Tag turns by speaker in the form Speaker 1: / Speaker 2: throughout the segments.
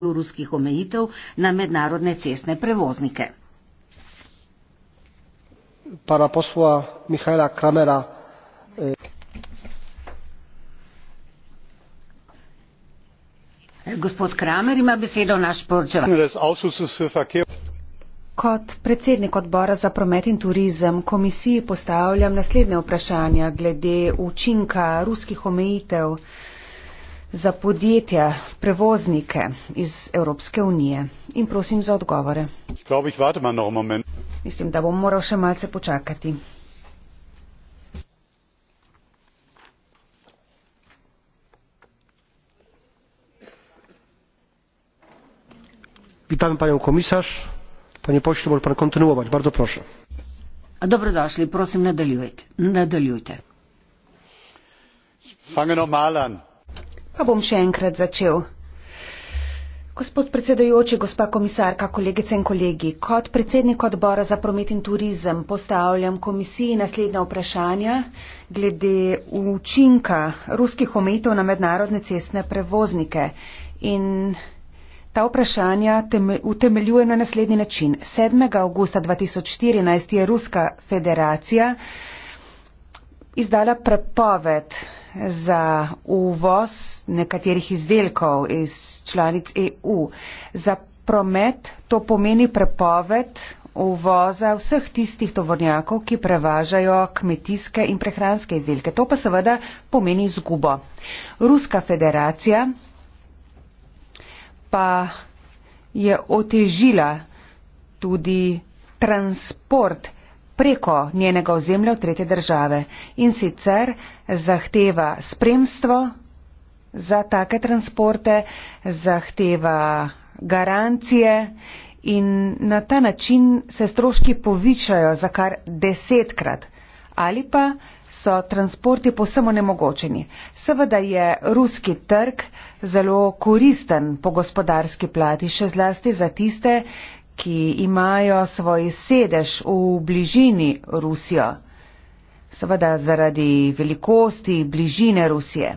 Speaker 1: ruskih omejitev na mednarodne cestne prevoznike.
Speaker 2: Para posla Mihaela Kramera. E, Gospod Kramer ima
Speaker 1: besedo naš poročevalec.
Speaker 3: Kot predsednik odbora za promet in turizem komisiji postavljam naslednje vprašanja glede učinka ruskih omejitev za podjetja, prevoznike iz Evropske unije in prosim za odgovore. Mislim, da bom moral še malce počakati.
Speaker 2: Vitam pa jo komisar, pa ne pošljem bolj prekontinuovati, bardo prošljem.
Speaker 1: Dobrodošli, prosim, nadaljujte. nadaljujte.
Speaker 2: Fange normal an.
Speaker 1: Pa bom še enkrat začel.
Speaker 3: Gospod predsedajoči, gospa komisarka, kolegice in kolegi, kot predsednik odbora za promet in turizem postavljam komisiji naslednja vprašanja glede učinka ruskih ometov na mednarodne cestne prevoznike. In ta vprašanja utemeljujem na naslednji način. 7. avgusta 2014 je Ruska federacija izdala prepoved za uvoz nekaterih izdelkov iz članic EU. Za promet to pomeni prepoved uvoza vseh tistih tovornjakov, ki prevažajo kmetijske in prehranske izdelke. To pa seveda pomeni izgubo. Ruska federacija pa je otežila tudi transport preko njenega ozemlja v tretje države in sicer zahteva spremstvo za take transporte, zahteva garancije in na ta način se stroški povišajo za kar desetkrat ali pa so transporti povsem onemogočeni. Seveda je ruski trg zelo koristen po gospodarski plati, še zlasti za tiste, ki imajo svoj sedež v bližini Rusijo. Seveda zaradi velikosti bližine Rusije.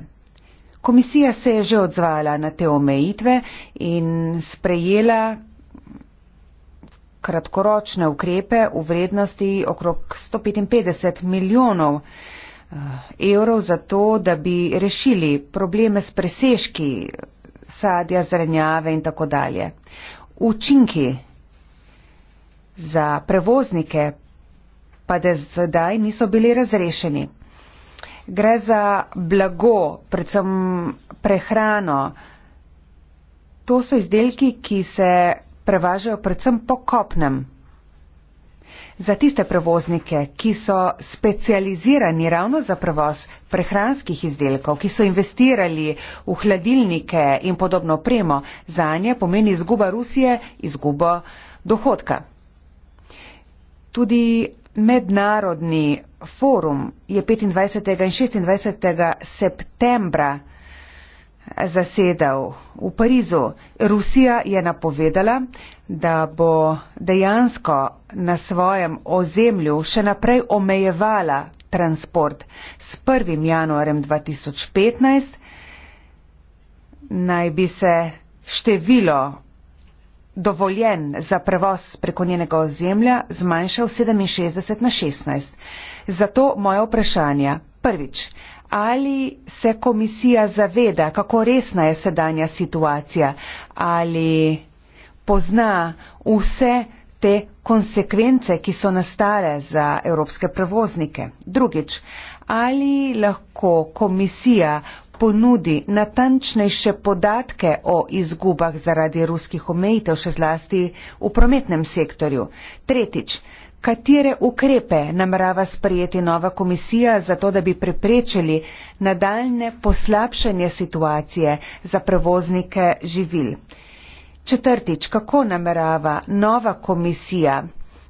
Speaker 3: Komisija se je že odzvala na te omejitve in sprejela kratkoročne ukrepe v vrednosti okrog 155 milijonov eh, evrov za to, da bi rešili probleme s preseški sadja, zrenjave in tako dalje. Učinki za prevoznike, pa da zdaj niso bili razrešeni. Gre za blago, predvsem prehrano. To so izdelki, ki se prevažajo predvsem po kopnem. Za tiste prevoznike, ki so specializirani ravno za prevoz prehranskih izdelkov, ki so investirali v hladilnike in podobno opremo, za nje pomeni izguba Rusije, izgubo dohodka. Tudi mednarodni forum je 25. in 26. septembra zasedal v Parizu. Rusija je napovedala, da bo dejansko na svojem ozemlju še naprej omejevala transport s 1. januarjem 2015 naj bi se število dovoljen za prevoz preko njenega ozemlja zmanjšal 67 na 16. Zato moja vprašanja. Prvič, ali se komisija zaveda, kako resna je sedanja situacija, ali pozna vse te konsekvence, ki so nastale za evropske prevoznike. Drugič, ali lahko komisija ponudi natančnejše podatke o izgubah zaradi ruskih omejitev, še zlasti v prometnem sektorju. Tretjič, katere ukrepe namerava sprejeti nova komisija za to, da bi preprečili nadaljne poslabšanje situacije za prevoznike živil? Četrtič, kako namerava nova komisija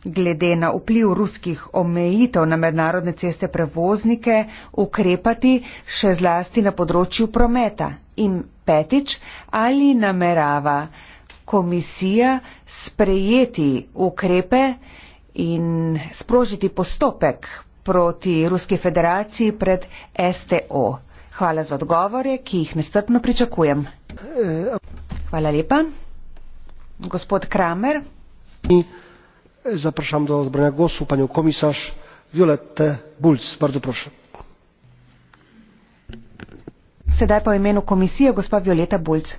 Speaker 3: glede na vpliv ruskih omejitev na mednarodne ceste prevoznike ukrepati še zlasti na področju prometa? In petič, ali namerava komisija sprejeti ukrepe in sprožiti postopek proti Ruski federaciji pred STO? Hvala za odgovore, ki jih nestrpno pričakujem. Hvala lepa.
Speaker 2: Gospod Kramer. Hvala zapraszam do zabrania głosu panią komisarz violettę bulc. bardzo proszę. Sedaj pa v imenu komisije gospa Violeta Bulc.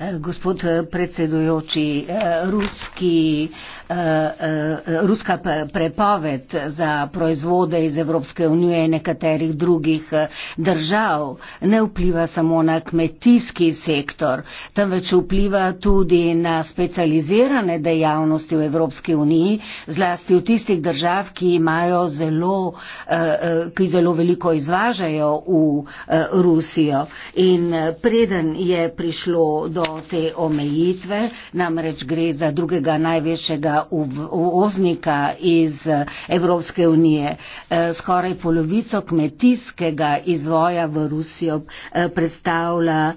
Speaker 1: Eh, gospod eh, predsedujoči, eh, ruski Eh, eh, ruska prepoved za proizvode iz Evropske unije in nekaterih drugih eh, držav ne vpliva samo na kmetijski sektor, temveč vpliva tudi na specializirane dejavnosti v Evropski uniji, zlasti v tistih držav, ki imajo zelo, ki zelo veliko izvažajo v Rusijo. In preden je prišlo do te omejitve, namreč gre za drugega največjega uvoznika iz eh, Evropske unije. Eh, skoraj polovico kmetijskega izvoja v Rusijo eh, predstavlja,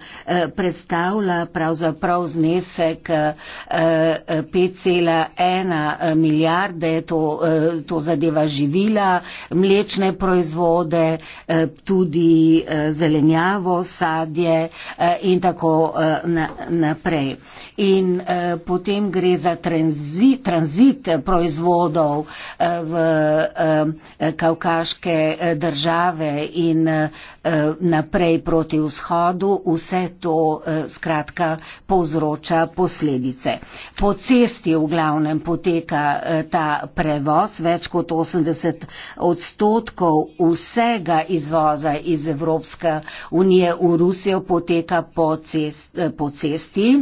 Speaker 1: predstavlja pravzaprav znesek 5,1 milijarde, to, to zadeva živila, mlečne proizvode, tudi zelenjavo, sadje in tako naprej. In potem gre za tranzit tranzit proizvodov eh, v eh, kavkaške eh, države in naprej proti vzhodu, vse to skratka povzroča posledice. Po cesti v glavnem poteka ta prevoz, več kot 80 odstotkov vsega izvoza iz Evropske unije v Rusijo poteka po, cest, po cesti.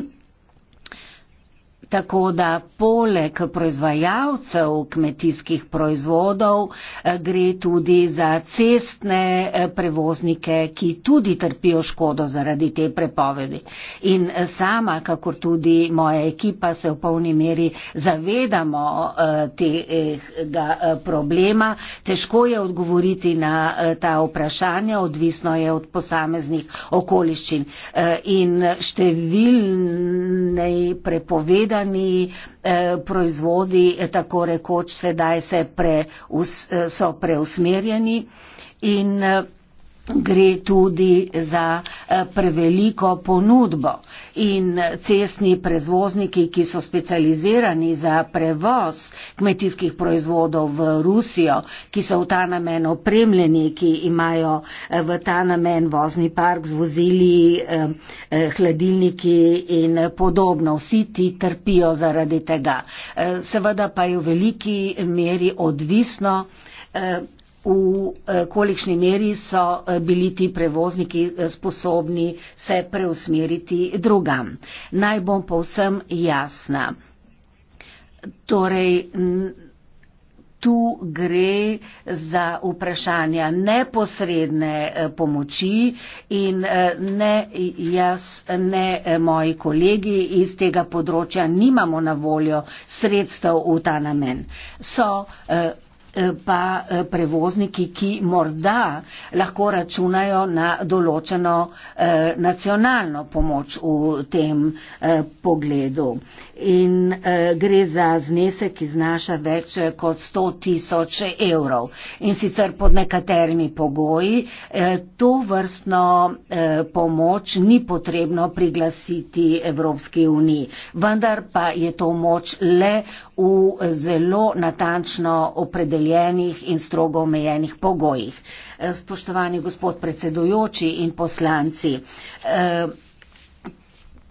Speaker 1: Tako da poleg proizvajalcev kmetijskih proizvodov eh, gre tudi za cestne eh, prevoznike, ki tudi trpijo škodo zaradi te prepovedi. In eh, sama, kakor tudi moja ekipa, se v polni meri zavedamo tega problema. Težko je odgovoriti na ta vprašanja, odvisno je od posameznih okoliščin. In številnej prepovedani tujimi eh, proizvodi, eh, tako rekoč, sedaj se pre, eh, so preusmerjeni. In gre tudi za eh, preveliko ponudbo. In cestni prevozniki, ki so specializirani za prevoz kmetijskih proizvodov v Rusijo, ki so v ta namen opremljeni, ki imajo eh, v ta namen vozni park z vozili, eh, hladilniki in podobno, vsi ti trpijo zaradi tega. Seveda pa je v veliki meri odvisno v eh, kolikšni meri so eh, bili ti prevozniki eh, sposobni se preusmeriti drugam. Naj bom povsem jasna. Torej, tu gre za vprašanja neposredne pomoči in ne jaz, ne moji kolegi iz tega področja nimamo na voljo sredstev v ta namen. So pa eh, prevozniki, ki morda lahko računajo na določeno eh, nacionalno pomoč v tem eh, pogledu in uh, gre za znesek, ki znaša več eh, kot 100 tisoč evrov in sicer pod nekaterimi pogoji. Eh, to vrstno eh, pomoč ni potrebno priglasiti Evropski uniji, vendar pa je to moč le v zelo natančno opredeljenih in strogo omejenih pogojih. Eh, spoštovani gospod predsedujoči in poslanci, eh,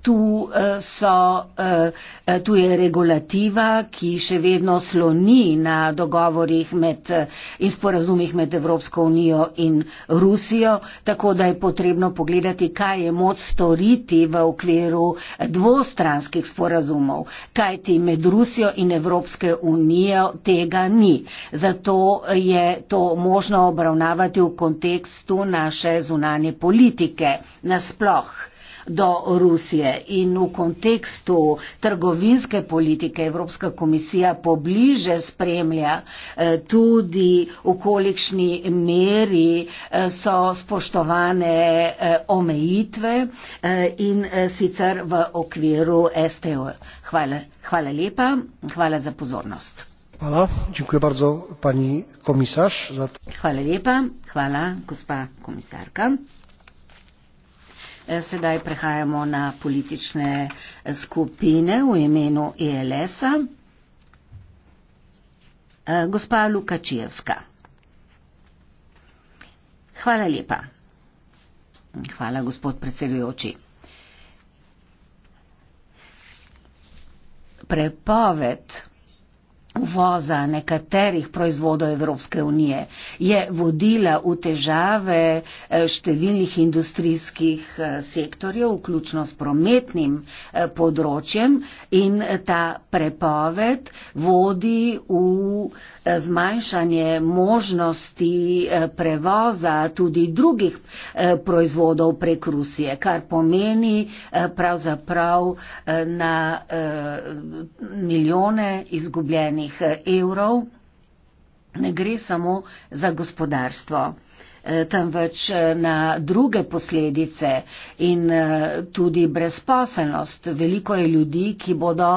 Speaker 1: Tu, eh, so, eh, eh, tu je regulativa, ki še vedno sloni na dogovorih med, in sporazumih med Evropsko unijo in Rusijo, tako da je potrebno pogledati, kaj je moč storiti v okviru dvostranskih sporazumov, kaj ti med Rusijo in Evropske unijo tega ni. Zato je to možno obravnavati v kontekstu naše zunanje politike nasploh do Rusije in v kontekstu trgovinske politike Evropska komisija pobliže spremlja eh, tudi v kolikšni meri eh, so spoštovane eh, omejitve in sicer v okviru STO. Hvala, hvala lepa, hvala za pozornost.
Speaker 2: Hvala, dziękuję bardzo pani komisarz za to.
Speaker 1: Hvala lepa, hvala gospa komisarka. Eh, sedaj prehajamo na politične eh, skupine v imenu ELS-a. Eh, gospa Luka Čijevska. Hvala lepa. Hvala, gospod predsedujoči. Prepoved uvoza nekaterih proizvodov Evropske unije je vodila v težave eh, številnih industrijskih eh, sektorjev, vključno s prometnim eh, področjem in ta prepoved vodi v zmanjšanje možnosti prevoza tudi drugih proizvodov prek Rusije, kar pomeni pravzaprav na milijone izgubljenih milijardnih eh, evrov ne gre samo za gospodarstvo eh, temveč eh, na druge posledice in tudi brezposelnost. Veliko je ljudi, ki bodo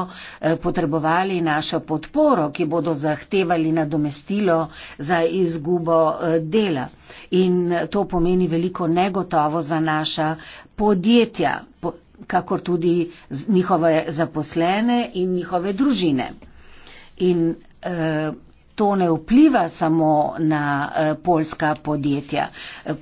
Speaker 1: potrebovali našo podporo, ki bodo zahtevali nadomestilo za izgubo dela. In to pomeni veliko negotovo za naša podjetja, kakor tudi njihove zaposlene in njihove družine in eh, to ne vpliva samo na eh, polska podjetja.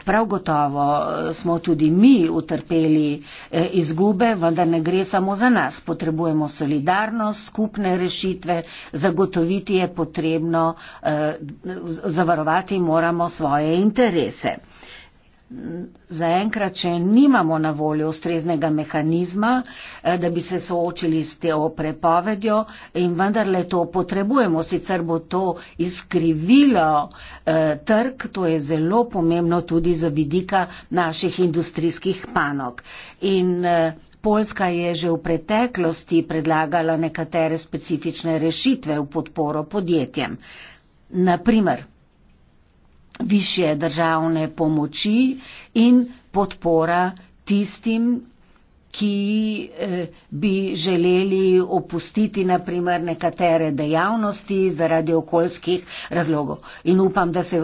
Speaker 1: Prav gotovo eh, smo tudi mi utrpeli izgube, vendar ne gre samo za nas. Potrebujemo solidarnost, skupne rešitve, zagotoviti je potrebno, zavarovati moramo svoje interese. Zaenkrat, če nimamo na voljo ustreznega mehanizma, eh, da bi se soočili s teo prepovedjo in vendarle to potrebujemo, sicer bo to izkrivilo eh, trg, to je zelo pomembno tudi za vidika naših industrijskih panok. In eh, Poljska je že v preteklosti predlagala nekatere specifične rešitve v podporo podjetjem. Naprimer, više državne pomoči in podpora tistim, ki eh, bi želeli opustiti naprimer nekatere dejavnosti zaradi okoljskih razlogov. In upam, da se,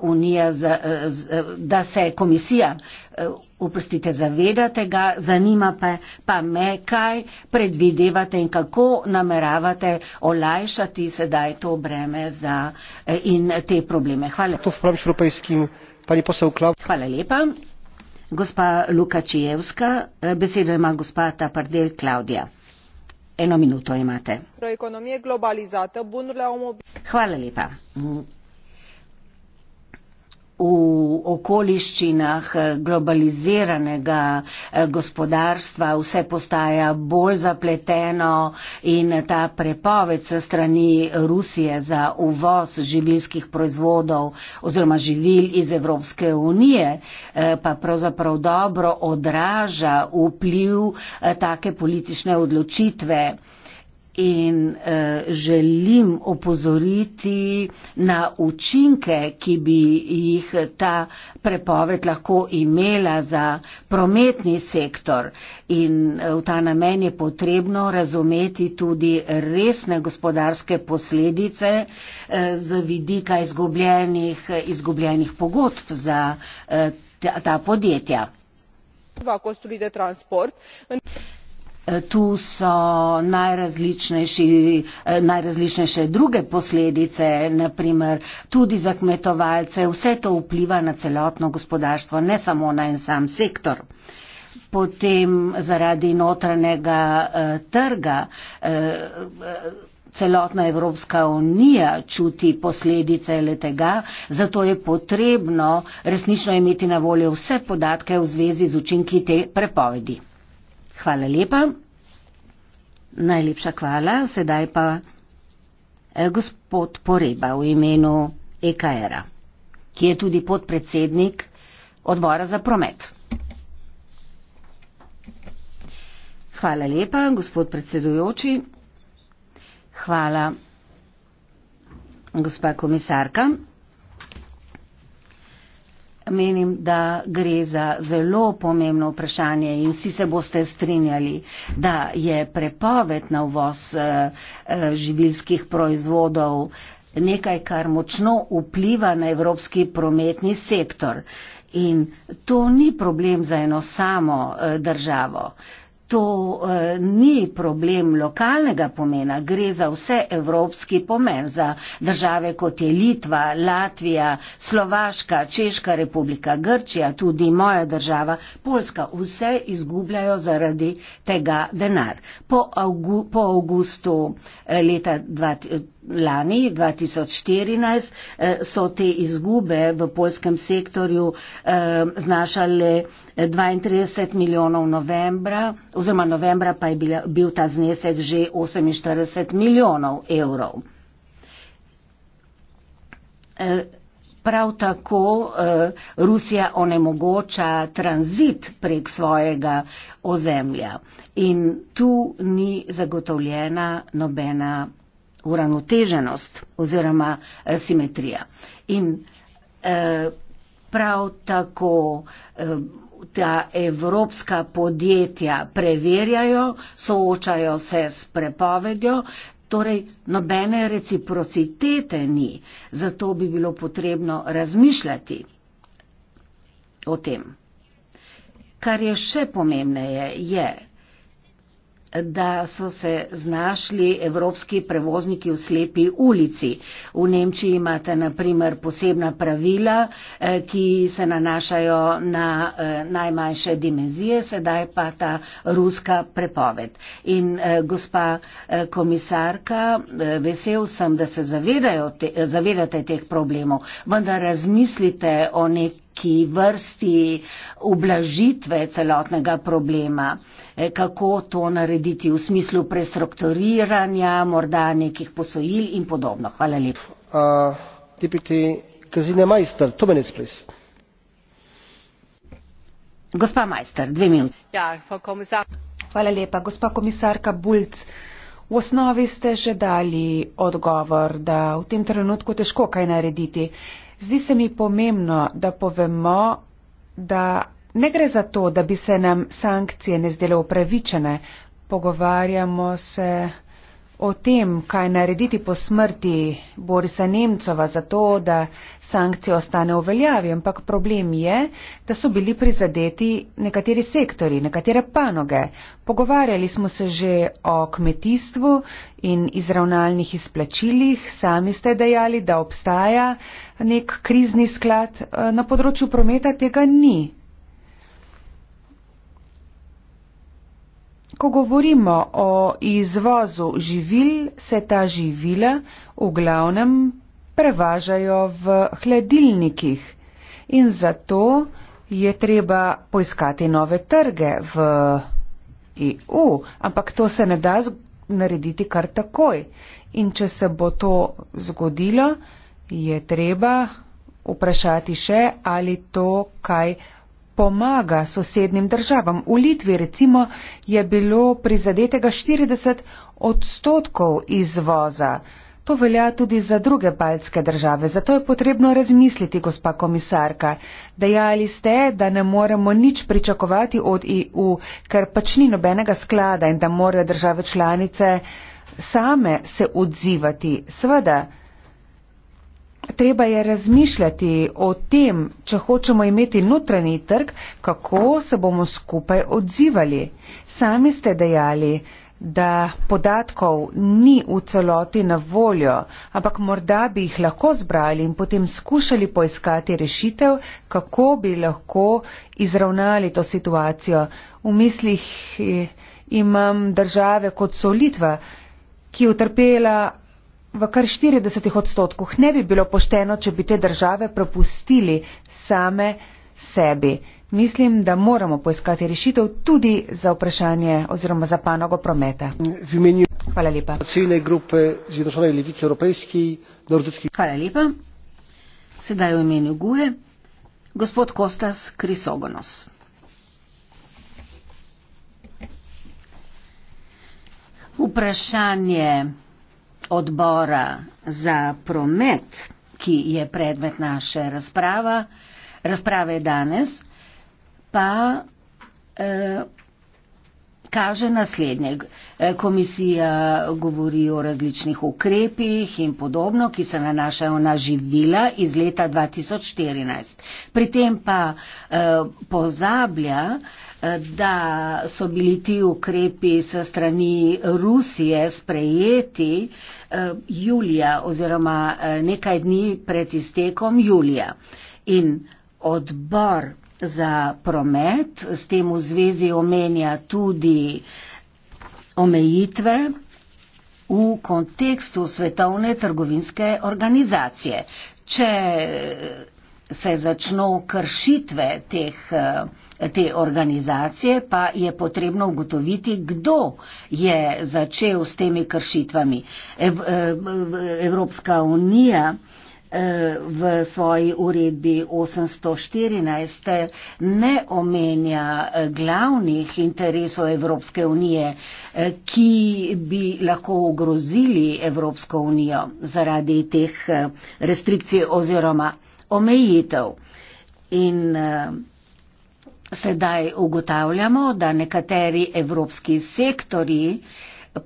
Speaker 1: unija, eh, eh, da se komisija Oprostite, zavedate ga, zanima pa, pa me, kaj predvidevate in kako nameravate olajšati sedaj to breme za, eh, in te probleme. Hvala. To vpravi s evropejskim pani poselklav. Hvala lepa. Gospa Luka Čijevska, eh, besedo ima gospa Tapardel Klaudija. Eno minuto imate. Hvala lepa v okoliščinah eh, globaliziranega eh, gospodarstva vse postaja bolj zapleteno in ta prepoved se strani Rusije za uvoz živilskih proizvodov oziroma živil iz Evropske unije eh, pa pravzaprav dobro odraža vpliv take politične odločitve in eh, želim opozoriti na učinke, ki bi jih ta prepoved lahko imela za prometni sektor. In eh, v ta namen je potrebno razumeti tudi resne gospodarske posledice eh, z vidika izgubljenih, izgubljenih pogodb za eh, ta, ta podjetja. Eh, tu so eh, najrazličnejše druge posledice, naprimer tudi za kmetovalce. Vse to vpliva na celotno gospodarstvo, ne samo na en sam sektor. Potem zaradi notranjega eh, trga celotna Evropska unija čuti posledice le tega, zato je potrebno resnično imeti na voljo vse podatke v zvezi z učinki te prepovedi. Hvala lepa. Najlepša hvala. Sedaj pa eh, gospod Poreba v imenu EKR-a, ki je tudi podpredsednik odbora za promet. Hvala lepa, gospod predsedujoči. Hvala, gospa komisarka. Menim, da gre za zelo pomembno vprašanje in vsi se boste strinjali, da je prepoved na uvoz eh, eh, živilskih proizvodov nekaj, kar močno vpliva na evropski prometni sektor. In to ni problem za eno samo eh, državo to eh, ni problem lokalnega pomena, gre za vse evropski pomen, za države kot je Litva, Latvija, Slovaška, Češka republika, Grčija, tudi moja država, Poljska, vse izgubljajo zaradi tega denar. Po, avgu, po avgustu eh, leta 2020 lani 2014 eh, so te izgube v polskem sektorju eh, znašale 32 eh, milijonov novembra, oziroma novembra pa je bil ta znesek že 48 milijonov evrov. Prav tako eh, Rusija onemogoča tranzit prek svojega ozemlja in tu ni zagotovljena nobena uravnoteženost oziroma eh, simetrija. In eh, prav tako eh, ta evropska podjetja preverjajo, soočajo se s prepovedjo. Torej, nobene reciprocitete ni, zato bi bilo potrebno razmišljati o tem. Kar je še pomembneje, je, da so se znašli evropski prevozniki v slepi ulici. V Nemčiji imate naprimer posebna pravila, eh, ki se nanašajo na eh, najmanjše dimenzije, sedaj pa ta ruska prepoved. In eh, gospa komisarka, vesel sem, da se zavedajo, te, zavedate teh problemov, vendar razmislite o neki vrsti ublažitve celotnega problema. Eh, kako to narediti v smislu prestrukturiranja, morda nekih posojil in podobno. Hvala lepa. Gospa majster, dve minuti. Ja,
Speaker 3: Hvala lepa. Gospa komisarka Bulc, v osnovi ste že dali odgovor, da v tem trenutku težko kaj narediti. Zdi se mi pomembno, da povemo, da Ne gre za to, da bi se nam sankcije ne zdele upravičene. Pogovarjamo se o tem, kaj narediti po smrti Borisa Nemcova za to, da sankcije ostane v veljavi, ampak problem je, da so bili prizadeti nekateri sektori, nekatere panoge. Pogovarjali smo se že o kmetijstvu in izravnalnih izplačilih, sami ste dejali, da obstaja nek krizni sklad, eh, na področju prometa tega ni. Ko govorimo o izvozu živil, se ta živila v glavnem prevažajo v hladilnikih in zato je treba poiskati nove trge v EU, ampak to se ne da narediti kar takoj. In če se bo to zgodilo, je treba vprašati še, ali to kaj pomaga sosednim državam. V Litvi recimo je bilo prizadetega 40 odstotkov izvoza. To velja tudi za druge baltske države, zato je potrebno razmisliti, gospa komisarka. Dejali ste, da ne moremo nič pričakovati od EU, ker pač ni nobenega sklada in da morajo države članice same se odzivati. Sveda, Treba je razmišljati o tem, če hočemo imeti notranji trg, kako se bomo skupaj odzivali. Sami ste dejali, da podatkov ni v celoti na voljo, ampak morda bi jih lahko zbrali in potem skušali poiskati rešitev, kako bi lahko izravnali to situacijo. V mislih eh, imam države kot so Litva, ki je utrpela v kar 40 odstotkih ne bi bilo pošteno, če bi te države propustili same sebi. Mislim, da moramo poiskati rešitev tudi za vprašanje oziroma za panogo prometa. Hvala lepa.
Speaker 1: Hvala lepa. Sedaj v imenu Guje. Gospod Kostas Krisogonos. Vprašanje odbora za promet, ki je predmet naše razprave, razprave danes, pa eh, kaže naslednje. E, komisija govori o različnih ukrepih in podobno, ki se nanašajo na živila iz leta 2014. Pri tem pa e, pozablja, e, da so bili ti ukrepi se strani Rusije sprejeti julija oziroma nekaj dni pred iztekom julija. In odbor za promet, s tem v zvezi omenja tudi omejitve v kontekstu svetovne trgovinske organizacije. Če se začno kršitve teh, te organizacije, pa je potrebno ugotoviti, kdo je začel s temi kršitvami. Ev, Evropska unija v svoji uredbi 814 ne omenja eh, glavnih interesov Evropske unije, eh, ki bi lahko ogrozili Evropsko unijo zaradi teh eh, restrikcij oziroma omejitev. In sedaj ugotavljamo, da nekateri evropski sektori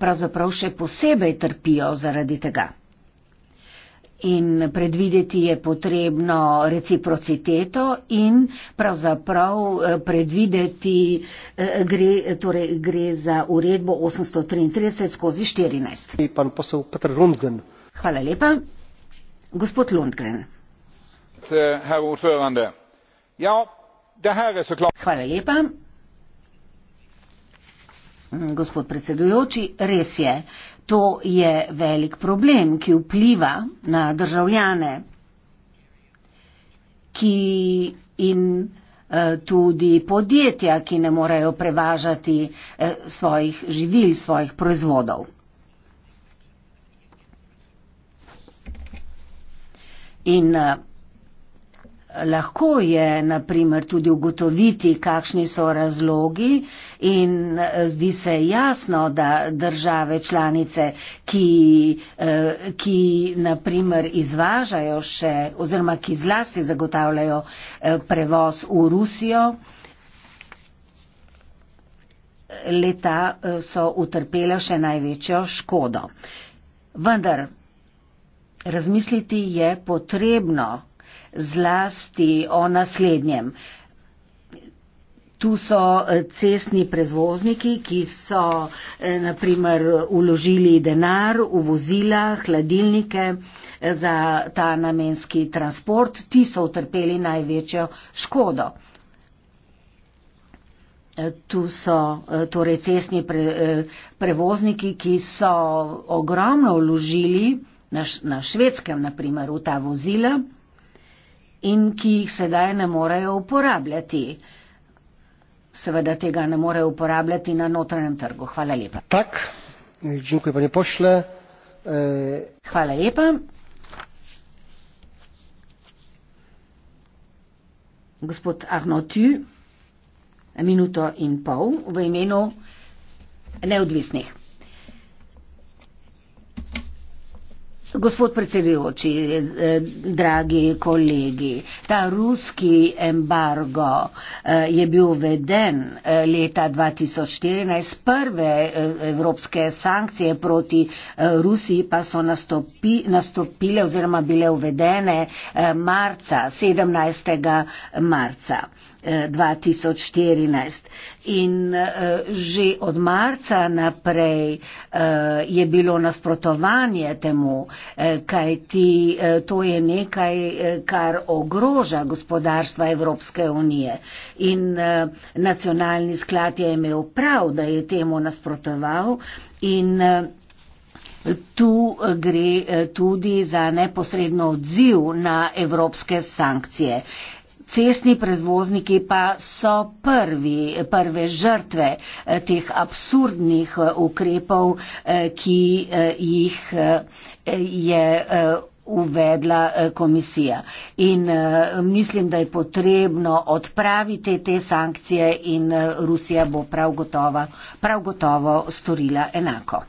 Speaker 1: pravzaprav še posebej trpijo zaradi tega. In predvideti je potrebno reciprociteto in pravzaprav eh, predvideti eh, gre, torej gre za uredbo 833 skozi 14. Pan posel Petr Lundgren. Hvala lepa. Gospod Lundgren. Eh, ja, Hvala lepa. Mm, gospod predsedujoči, res je. To je velik problem, ki vpliva na državljane, ki in eh, tudi podjetja, ki ne morejo prevažati eh, svojih živil, svojih proizvodov. In eh, Lahko je, na primer, tudi ugotoviti, kakšni so razlogi in eh, zdi se jasno, da države članice, ki, eh, ki na primer, izvažajo še oziroma ki zlasti zagotavljajo eh, prevoz v Rusijo, leta so utrpele še največjo škodo. Vendar, razmisliti je potrebno, zlasti o naslednjem. Tu so eh, cestni prezvozniki, ki so eh, naprimer uložili denar v vozila, hladilnike eh, za ta namenski transport. Ti so utrpeli največjo škodo. Tu so torej cestni pre, prevozniki, ki so ogromno uložili na, š, na švedskem, naprimer, v ta vozila in ki jih sedaj ne morejo uporabljati. Seveda tega ne morejo uporabljati na notranjem trgu. Hvala lepa. Tak, džinkuj pa ne pošle. E... Hvala lepa. Gospod Arnotu, minuto in pol v imenu neodvisnih. Gospod predsedujoči, eh, dragi kolegi, ta ruski embargo eh, je bil uveden eh, leta 2014. Prve evropske sankcije proti Rusiji pa so nastopi, nastopile oziroma bile uvedene marca, 17. marca. 2014. Eh, In eh, že od marca naprej eh, je bilo nasprotovanje temu, kaj ti to je nekaj, kar ogroža gospodarstva Evropske unije. In nacionalni sklad je imel prav, da je temu nasprotoval. In Tu gre tudi za neposredno odziv na evropske sankcije. Eh, cestni prezvozniki pa so prvi, prve žrtve eh, teh absurdnih eh, ukrepov, eh, ki jih je uvedla komisija. In mislim, da je potrebno odpraviti te sankcije in Rusija bo prav gotovo, prav gotovo storila enako.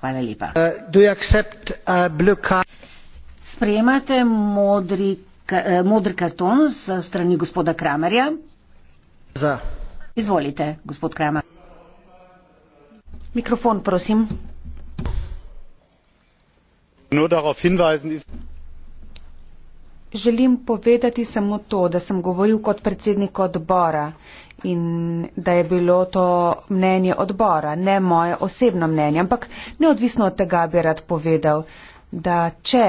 Speaker 1: Hvala lepa. Uh, Sprejemate modri Eh, modri karton s strani gospoda Kramerja. Za. Izvolite, gospod Kramer. Mikrofon, prosim.
Speaker 3: Želim povedati samo to, da sem govoril kot predsednik odbora in da je bilo to mnenje odbora, ne moje osebno mnenje, ampak neodvisno od tega bi rad povedal, da če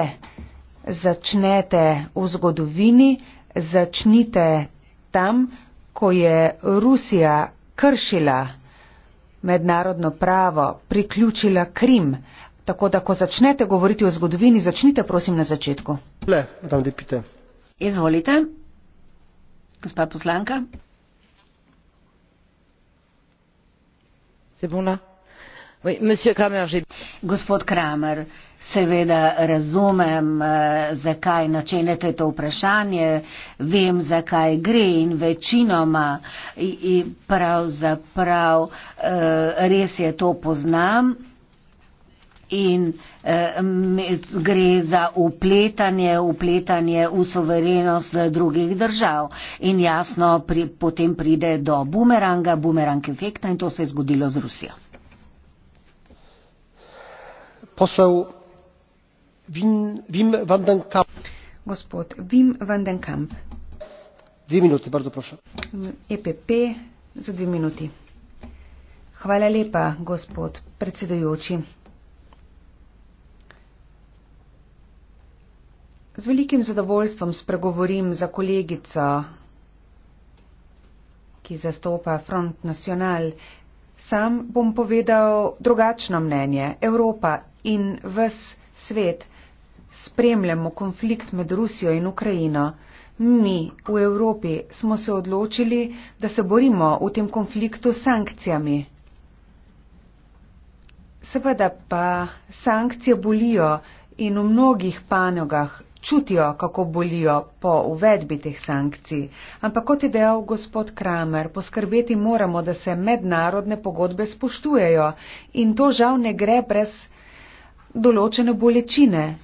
Speaker 3: začnete v zgodovini, začnite tam, ko je Rusija kršila mednarodno pravo, priključila Krim. Tako da, ko začnete govoriti o zgodovini,
Speaker 1: začnite prosim na začetku. Le, tam depite. Izvolite, gospod poslanka. Se bom na. Oui, Kramer, Gospod Kramer, uh, Seveda razumem, eh, zakaj načenete to vprašanje, vem, zakaj gre in večinoma in pravzaprav eh, res je to poznam in eh, gre za upletanje, upletanje v soverenost drugih držav. In jasno, pri, potem pride do bumeranga, bumerang efekta in to se je zgodilo z Rusijo.
Speaker 2: Posel wim van den kamp. Gospod Wim van den Kamp. Dve minuti, bardzo proszę.
Speaker 3: EPP za dve minuti. Hvala lepa, gospod predsedujoči. Z velikim zadovoljstvom spregovorim za kolegico, ki zastopa Front National. Sam bom povedal drugačno mnenje. Evropa in ves svet spremljamo konflikt med Rusijo in Ukrajino. Mi v Evropi smo se odločili, da se borimo v tem konfliktu s sankcijami. Seveda pa sankcije bolijo in v mnogih panogah čutijo, kako bolijo po uvedbi teh sankcij. Ampak kot je dejal gospod Kramer, poskrbeti moramo, da se mednarodne pogodbe spoštujejo in to žal ne gre brez določene bolečine.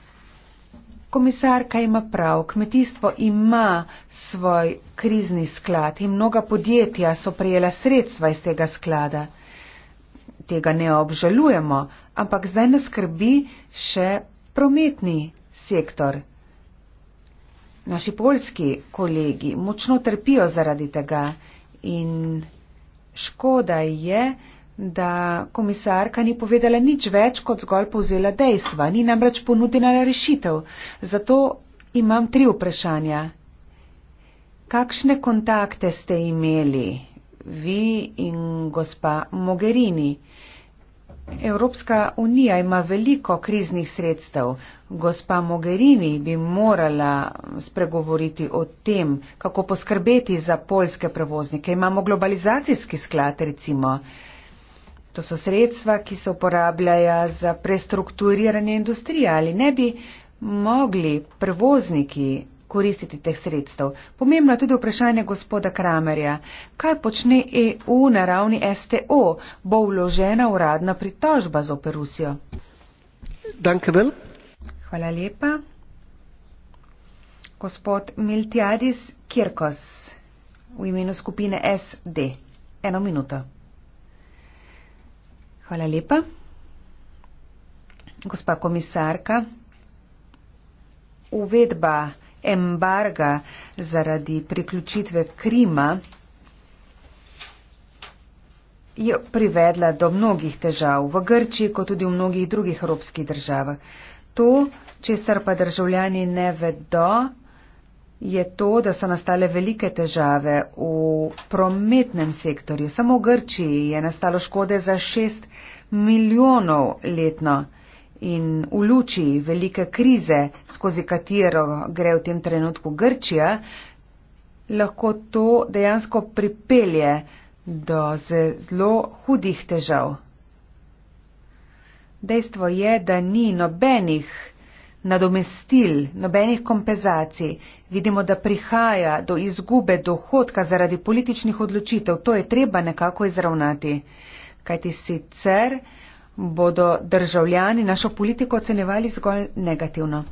Speaker 3: Komisarka ima prav, kmetijstvo ima svoj krizni sklad in mnoga podjetja so prejela sredstva iz tega sklada. Tega ne obžalujemo, ampak zdaj nas skrbi še prometni sektor. Naši polski kolegi močno trpijo zaradi tega in škoda je, da da komisarka ni povedala nič več, kot zgolj povzela dejstva, ni namreč ponudila rešitev. Zato imam tri vprašanja. Kakšne kontakte ste imeli vi in gospa Mogherini? Evropska unija ima veliko kriznih sredstev. Gospa Mogherini bi morala spregovoriti o tem, kako poskrbeti za poljske prevoznike. Imamo globalizacijski sklad, recimo. Uh, To so sredstva, ki se uporabljajo za prestrukturiranje industrije. Ali ne bi mogli prevozniki koristiti teh sredstev? Pomembno je tudi vprašanje gospoda Kramerja. Kaj počne EU na ravni STO? Bo vložena uradna pritožba z operusijo? Hvala lepa. Gospod Miltiadis Kirkos v imenu skupine SD. Eno minuto. Hvala lepa. Gospa komisarka, uvedba embarga zaradi priključitve Krima je privedla do mnogih težav v Grčiji, kot tudi v mnogih drugih evropskih državah. To, česar pa državljani ne vedo, je to, da so nastale velike težave v prometnem sektorju. Samo v Grčiji je nastalo škode za 6 milijonov letno in v luči velike krize, skozi katero gre v tem trenutku Grčija, lahko to dejansko pripelje do zelo hudih težav. Dejstvo je, da ni nobenih nadomestil, nobenih kompenzacij. Vidimo, da prihaja do izgube dohodka zaradi političnih odločitev. To je treba nekako izravnati. Kajti sicer bodo državljani našo politiko ocenjevali zgolj negativno.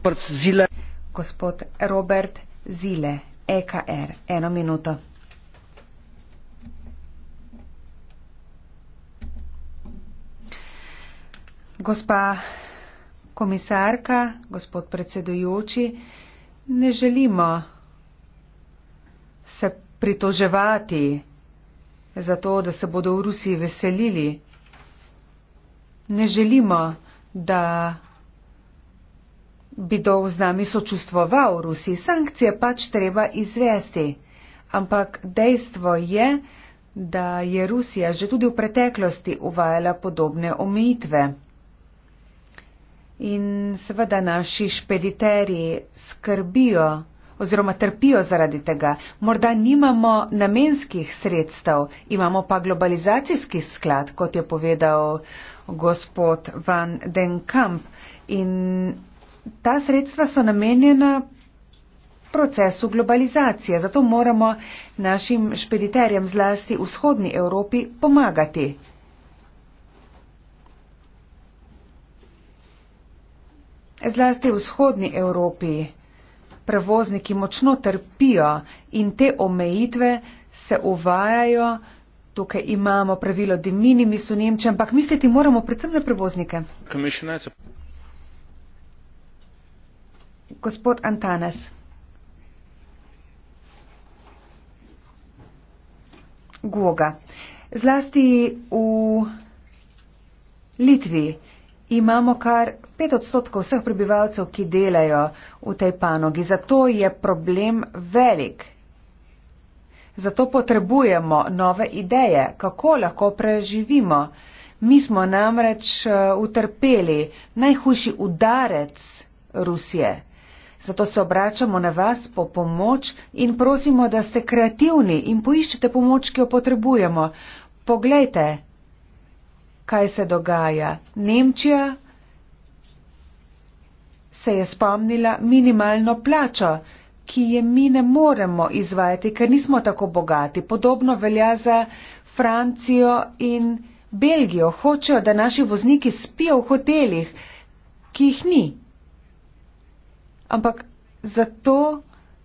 Speaker 3: Gospod Robert Zile, EKR, eno minuto. Gospa komisarka, gospod predsedujoči, ne želimo se pritoževati za to, da se bodo v Rusiji veselili. Ne želimo, da bi dol z nami sočustvoval v Rusiji. Sankcije pač treba izvesti. Ampak dejstvo je, da je Rusija že tudi v preteklosti uvajala podobne omejitve. In seveda naši špediterji skrbijo oziroma trpijo zaradi tega. Morda nimamo namenskih sredstev, imamo pa globalizacijski sklad, kot je povedal gospod Van Den Kamp. In ta sredstva so namenjena procesu globalizacije, zato moramo našim špediterjem zlasti v vzhodni Evropi pomagati. zlasti v vzhodni Evropi. Prevozniki močno trpijo in te omejitve se uvajajo. Tukaj imamo pravilo de minimis v Nemčiji, ampak misliti moramo predvsem na prevoznike. Gospod Antanes. Goga. Zlasti v Litvi imamo kar pet odstotkov vseh prebivalcev, ki delajo v tej panogi. Zato je problem velik. Zato potrebujemo nove ideje, kako lahko preživimo. Mi smo namreč eh, utrpeli najhujši udarec Rusije. Zato se obračamo na vas po pomoč in prosimo, da ste kreativni in poiščete pomoč, ki jo potrebujemo. Poglejte, kaj se dogaja. Nemčija, se je spomnila minimalno plačo, ki je mi ne moremo izvajati, ker nismo tako bogati. Podobno velja za Francijo in Belgijo. Hočejo, da naši vozniki spijo v hotelih, ki jih ni. Ampak zato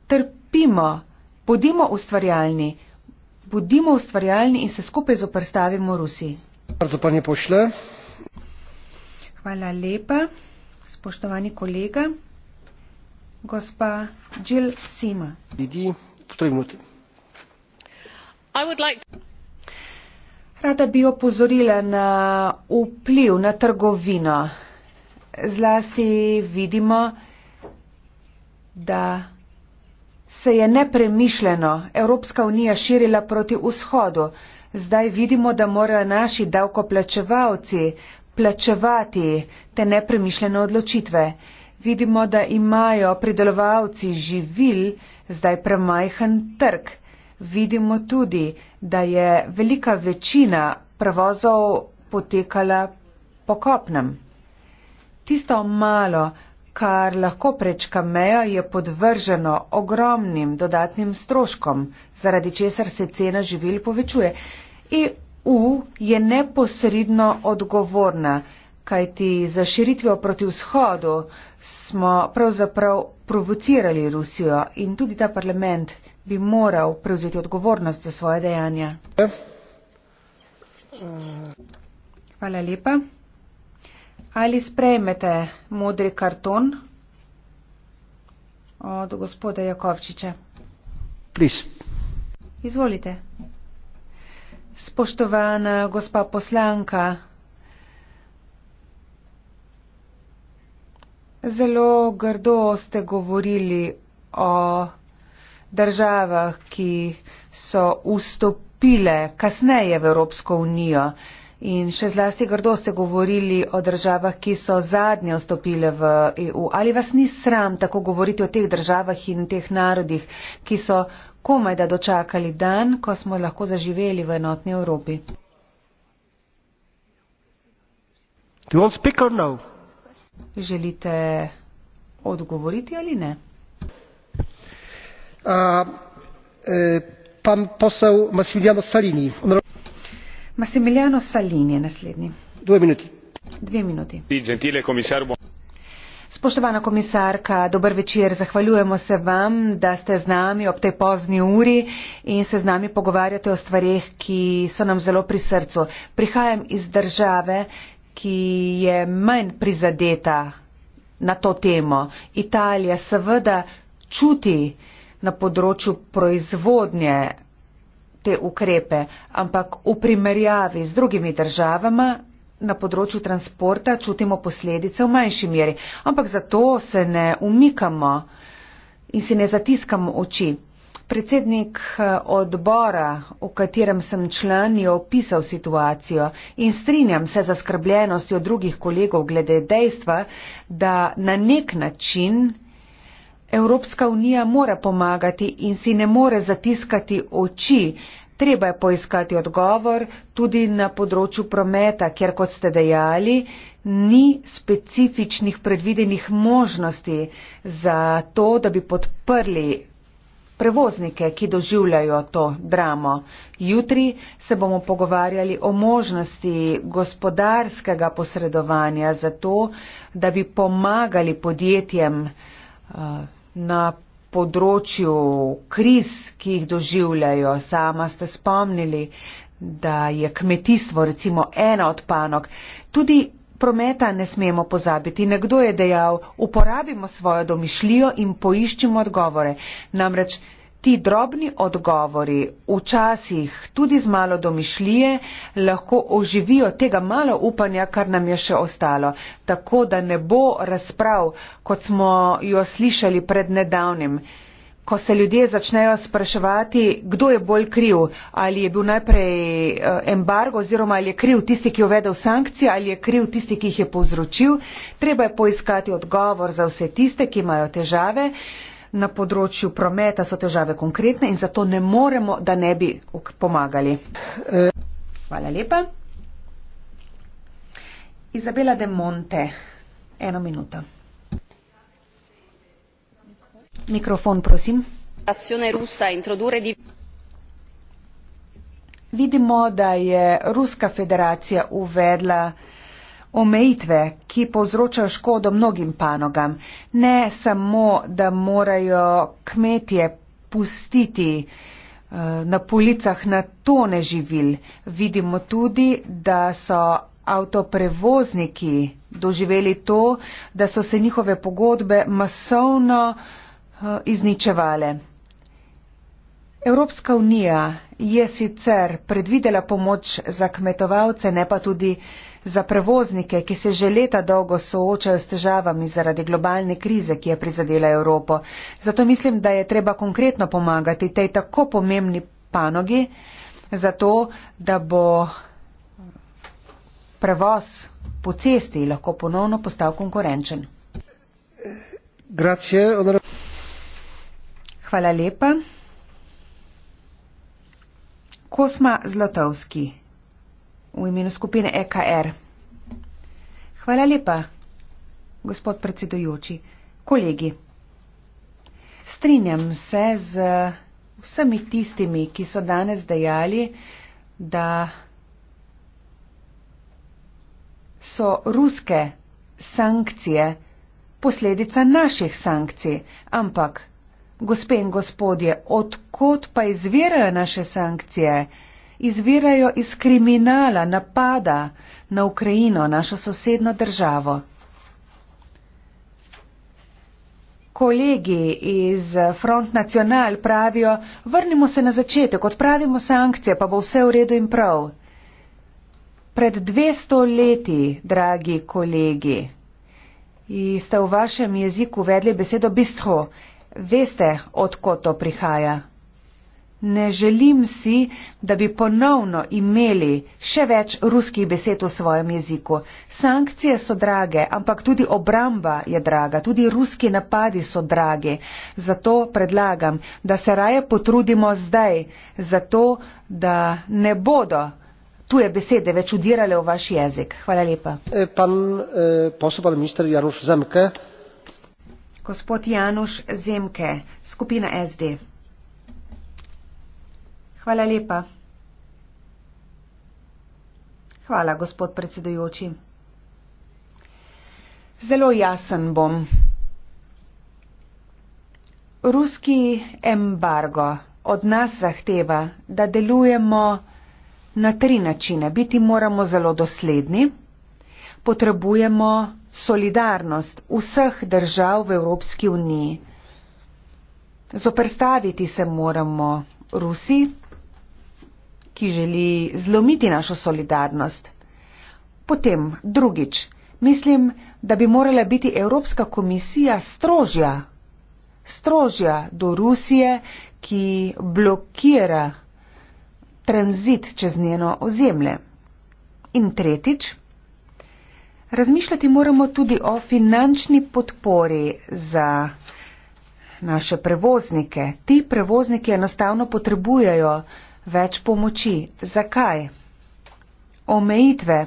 Speaker 3: trpimo, bodimo ustvarjalni, bodimo ustvarjalni in se skupaj zoprstavimo Rusi. Hvala lepa spoštovani kolega, gospa Jill Sima. Rada bi opozorila na vpliv na trgovino. Zlasti vidimo, da se je nepremišljeno Evropska unija širila proti vzhodu. Zdaj vidimo, da morajo naši davkoplačevalci plačevati te nepremišljene odločitve. Vidimo, da imajo pridelovalci živil zdaj premajhen trg. Vidimo tudi, da je velika večina prevozov potekala po kopnem. Tisto malo, kar lahko prečka mejo, je podvrženo ogromnim dodatnim stroškom, zaradi česar se cena živil povečuje. In U je neposredno odgovorna, kajti za širitvijo proti vzhodu smo pravzaprav provocirali Rusijo in tudi ta parlament bi moral prevzeti odgovornost za svoje dejanja. Hvala lepa. Ali sprejmete modri karton od gospoda Jakovčiča? Please. Izvolite. Spoštovana gospa poslanka, zelo grdo ste govorili o državah, ki so vstopile kasneje v Evropsko unijo. In še zlasti grdo ste govorili o državah, ki so zadnje vstopile v EU. Ali vas ni sram tako govoriti o teh državah in teh narodih, ki so komaj da dočakali dan, ko smo lahko zaživeli v enotni Evropi?
Speaker 2: No?
Speaker 3: Želite odgovoriti ali ne? Uh, eh, pan posel Massimiliano Salini massimiliano salini je naslednji. dve minuti. dve minuti.
Speaker 4: gentile komisar.
Speaker 3: Spoštovana komisarka, dober večer. Zahvaljujemo se vam, da ste z nami ob tej pozni uri in se z nami pogovarjate o stvarih, ki so nam zelo pri srcu. Prihajam iz države, ki je manj prizadeta na to temo. Italija seveda čuti na področju proizvodnje te ukrepe, ampak v primerjavi z drugimi državama na področju transporta čutimo posledice v manjši meri. Ampak zato se ne umikamo in si ne zatiskamo oči. Predsednik eh, odbora, v katerem sem član, je opisal situacijo in strinjam se za skrbljenosti od drugih kolegov glede dejstva, da na nek način Evropska unija mora pomagati in si ne more zatiskati oči. Treba je poiskati odgovor tudi na področju prometa, kjer, kot ste dejali, ni specifičnih predvidenih možnosti za to, da bi podprli prevoznike, ki doživljajo to dramo. Jutri se bomo pogovarjali o možnosti gospodarskega posredovanja za to, da bi pomagali podjetjem. Uh, na področju kriz, ki jih doživljajo. Sama ste spomnili, da je kmetijstvo recimo ena od panog. Tudi prometa ne smemo pozabiti. Nekdo je dejal, uporabimo svojo domišljijo in poiščimo odgovore. Namreč Ti drobni odgovori, včasih tudi z malo domišljije, lahko oživijo tega malo upanja, kar nam je še ostalo, tako da ne bo razprav, kot smo jo slišali pred nedavnim, ko se ljudje začnejo spraševati, kdo je bolj kriv, ali je bil najprej eh, embargo oziroma ali je kriv tisti, ki je uvedel sankcije ali je kriv tisti, ki jih je povzročil, treba je poiskati odgovor za vse tiste, ki imajo težave na področju prometa so težave konkretne in zato ne moremo, da ne bi pomagali. Hvala lepa. Izabela de Monte, eno minuto. Mikrofon, prosim. Vidimo, da je Ruska federacija uvedla omejitve, ki povzročajo škodo mnogim panogam. Ne samo, da morajo kmetje pustiti eh, na policah na tone živil, vidimo tudi, da so avtoprevozniki doživeli to, da so se njihove pogodbe masovno eh, izničevale. Evropska unija je sicer predvidela pomoč za kmetovalce, ne pa tudi za Za prevoznike, ki se že leta dolgo soočajo s težavami zaradi globalne krize, ki je prizadela Evropo. Zato mislim, da je treba konkretno pomagati tej tako pomembni panogi, zato da bo prevoz po cesti lahko ponovno postal konkurenčen. Grazie, Hvala lepa. Kosma Zlotovski v imenu skupine EKR. Hvala lepa, gospod predsedujoči, kolegi. Strinjam se z vsemi tistimi, ki so danes dejali, da so ruske sankcije posledica naših sankcij, ampak, gospe in gospodje, odkot pa izvirajo naše sankcije? izvirajo iz kriminala napada na Ukrajino, našo sosedno državo. Kolegi iz Front National pravijo, vrnimo se na začetek, odpravimo sankcije, pa bo vse v redu in prav. Pred 200 leti, dragi kolegi, ste v vašem jeziku vedli besedo bistvo. Veste, odkot to prihaja. Ne želim si, da bi ponovno imeli še več ruskih besed v svojem jeziku. Sankcije so drage, ampak tudi obramba je draga, tudi ruski napadi so dragi. Zato predlagam, da se raje potrudimo zdaj, zato da ne bodo tuje besede več udirale v vaš jezik. Hvala lepa.
Speaker 2: E, pan, eh,
Speaker 3: Gospod Januš Zemke, skupina SD. Hvala lepa. Hvala, gospod predsedujoči. Zelo jasen bom. Ruski embargo od nas zahteva, da delujemo na tri načine. Biti moramo zelo dosledni, potrebujemo solidarnost vseh držav v Evropski uniji. Zoprstaviti se moramo Rusi, ki želi zlomiti našo solidarnost. Potem, drugič, mislim, da bi morala biti Evropska komisija strožja, strožja do Rusije, ki blokira tranzit čez njeno ozemlje. In tretjič, razmišljati moramo tudi o finančni podpori za naše prevoznike. Ti prevozniki enostavno potrebujejo več pomoči. Zakaj? Omejitve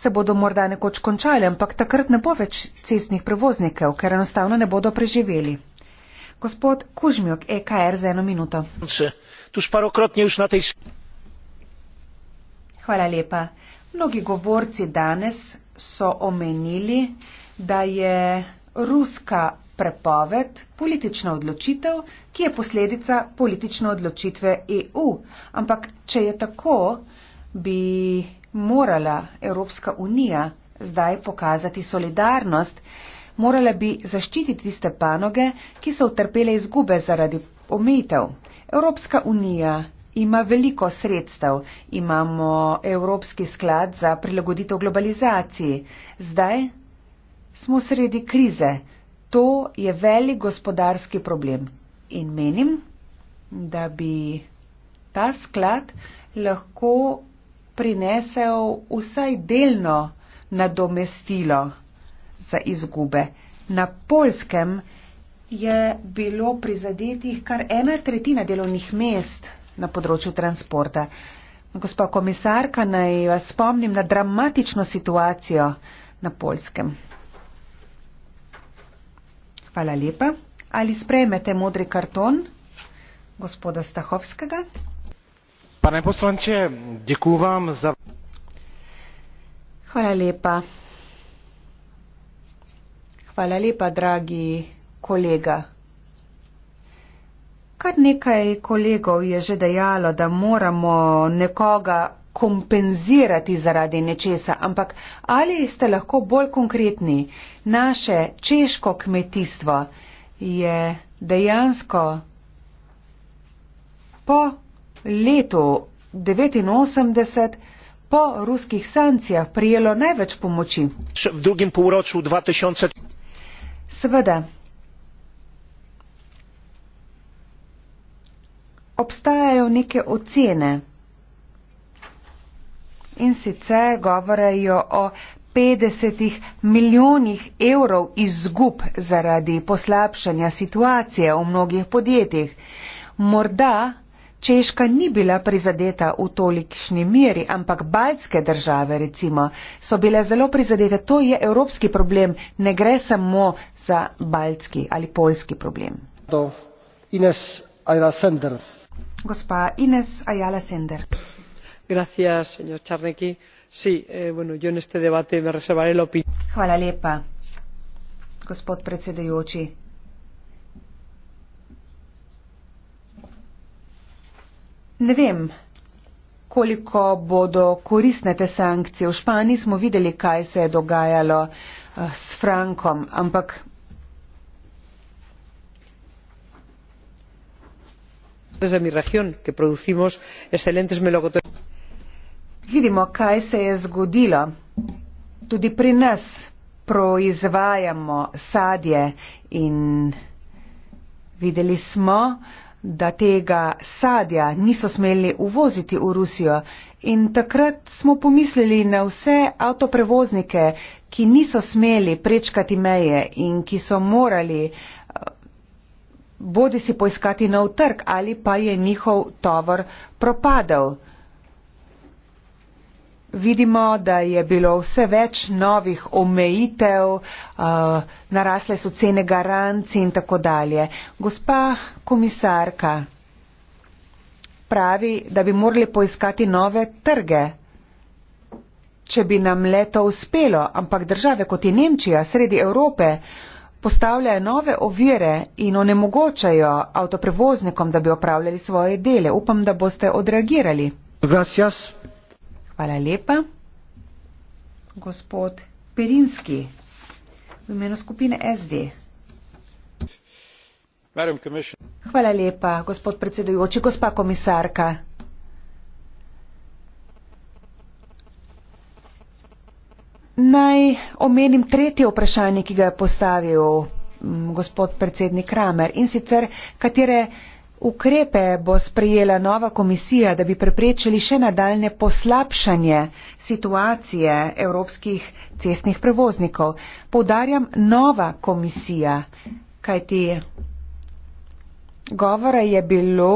Speaker 3: se bodo morda nekoč končale, ampak takrat ne bo več cestnih prevoznikov, ker enostavno ne bodo preživeli. Gospod Kužmjok, EKR za eno minuto. Hvala lepa. Mnogi govorci danes so omenili, da je ruska prepoved, politična odločitev, ki je posledica politične odločitve EU. Ampak, če je tako, bi morala Evropska unija zdaj pokazati solidarnost, morala bi zaščititi tiste panoge, ki so utrpele izgube zaradi omejitev. Evropska unija ima veliko sredstev, imamo Evropski sklad za prilagoditev globalizaciji. Zdaj smo sredi krize. To je velik gospodarski problem in menim, da bi ta sklad lahko prinesel vsaj delno nadomestilo za izgube. Na polskem je bilo prizadetih kar ena tretjina delovnih mest na področju transporta. Gospa komisarka, naj vas spomnim na dramatično situacijo na polskem. Hvala lepa. Ali sprejmete modri karton gospoda Stahovskega?
Speaker 2: Pane poslanče, děkuji vám za.
Speaker 3: Hvala lepa. Hvala lepa, dragi kolega. Kar nekaj kolegov je že dejalo, da moramo nekoga kompenzirati zaradi nečesa, ampak ali ste lahko bolj konkretni, naše češko kmetijstvo je dejansko po letu 89. Po ruskih sankcijah prijelo največ pomoči. V drugim polročju 2000. Seveda. Obstajajo neke ocene in sicer govorejo o 50 milijonih evrov izgub zaradi poslabšanja situacije v mnogih podjetjih. Morda Češka ni bila prizadeta v tolikšni meri, ampak baljske države recimo so bile zelo prizadete. To je evropski problem, ne gre samo za baljski ali polski problem. Ines
Speaker 2: Ajala Sender.
Speaker 3: Gospa Ines Ajala Sender. Eh, ne vem koliko bodo koristne te sankcije v španiji smo videli kaj se je dogajalo eh, s frankom ampak
Speaker 2: Desde mi región, que producimos excelentes melocotones
Speaker 3: vidimo, kaj se je zgodilo. Tudi pri nas proizvajamo sadje in videli smo, da tega sadja niso smeli uvoziti v Rusijo. In takrat smo pomislili na vse avtoprevoznike, ki niso smeli prečkati meje in ki so morali eh, bodi si poiskati nov trg ali pa je njihov tovor propadel vidimo, da je bilo vse več novih omejitev, uh, narasle so cene garancij in tako dalje. Gospa komisarka pravi, da bi morali poiskati nove trge. Če bi nam le to uspelo, ampak države kot je Nemčija sredi Evrope postavljajo nove ovire in onemogočajo avtoprevoznikom, da bi opravljali svoje dele. Upam, da boste odreagirali. Hvala lepa. Gospod Perinski, v imenu skupine SD. Hvala lepa, gospod predsedujoči, gospa komisarka. Naj omenim tretje vprašanje, ki ga je postavil mm, gospod predsednik Kramer in sicer, katere Ukrepe bo sprejela nova komisija, da bi preprečili še nadaljne poslabšanje situacije evropskih cestnih prevoznikov. Poudarjam, nova komisija, kajti govora je bilo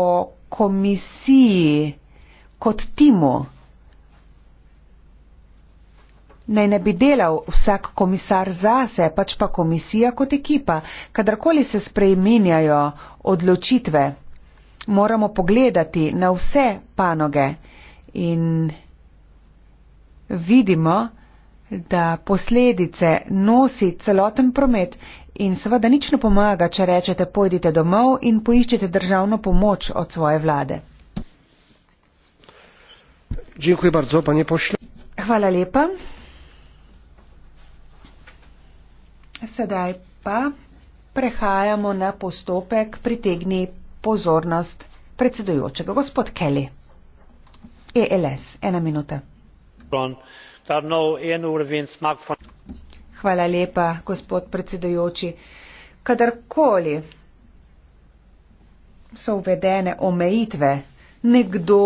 Speaker 3: o komisiji kot timu. Naj ne bi delal vsak komisar zase, pač pa komisija kot ekipa, kadarkoli se spreminjajo odločitve. Moramo pogledati na vse panoge in vidimo, da posledice nosi celoten promet in seveda nič ne pomaga, če rečete pojdite domov in poiščete državno pomoč od svoje vlade. Hvala lepa. Sedaj pa prehajamo na postopek pritegni pozornost predsedujočega. Gospod Kelly, ELS, ena minuta. Hvala lepa, gospod predsedujoči. Kadarkoli so uvedene omejitve, nekdo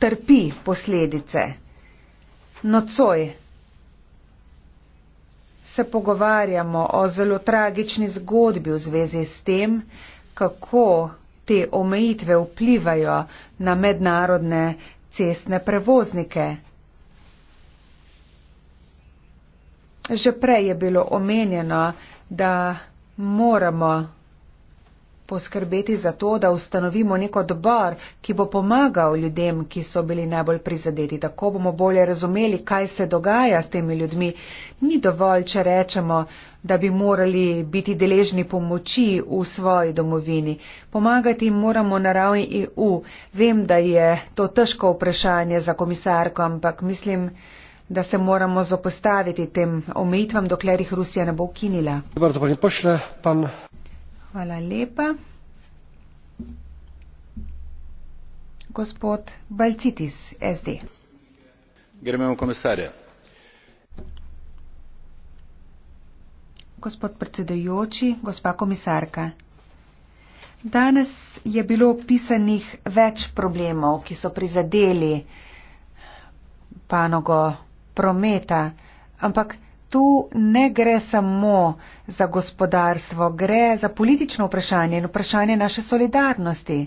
Speaker 3: trpi posledice. Nocoj se pogovarjamo o zelo tragični zgodbi v zvezi s tem, kako te omejitve vplivajo na mednarodne cestne prevoznike. Že prej je bilo omenjeno, da moramo poskrbeti za to, da ustanovimo nek odbor, ki bo pomagal ljudem, ki so bili najbolj prizadeti, tako bomo bolje razumeli, kaj se dogaja s temi ljudmi. Ni dovolj, če rečemo, da bi morali biti deležni pomoči v svoji domovini. Pomagati moramo na ravni EU. Vem, da je to težko vprašanje za komisarko, ampak mislim, da se moramo zapostaviti tem omejitvam, dokler jih Rusija ne bo ukinila. Hvala lepa. Gospod Balcitis, SD.
Speaker 2: Gremo, komisarja.
Speaker 3: Gospod predsedujoči, gospa komisarka. Danes je bilo opisanih več problemov, ki so prizadeli panogo prometa, ampak tu ne gre samo za gospodarstvo, gre za politično vprašanje in vprašanje naše solidarnosti.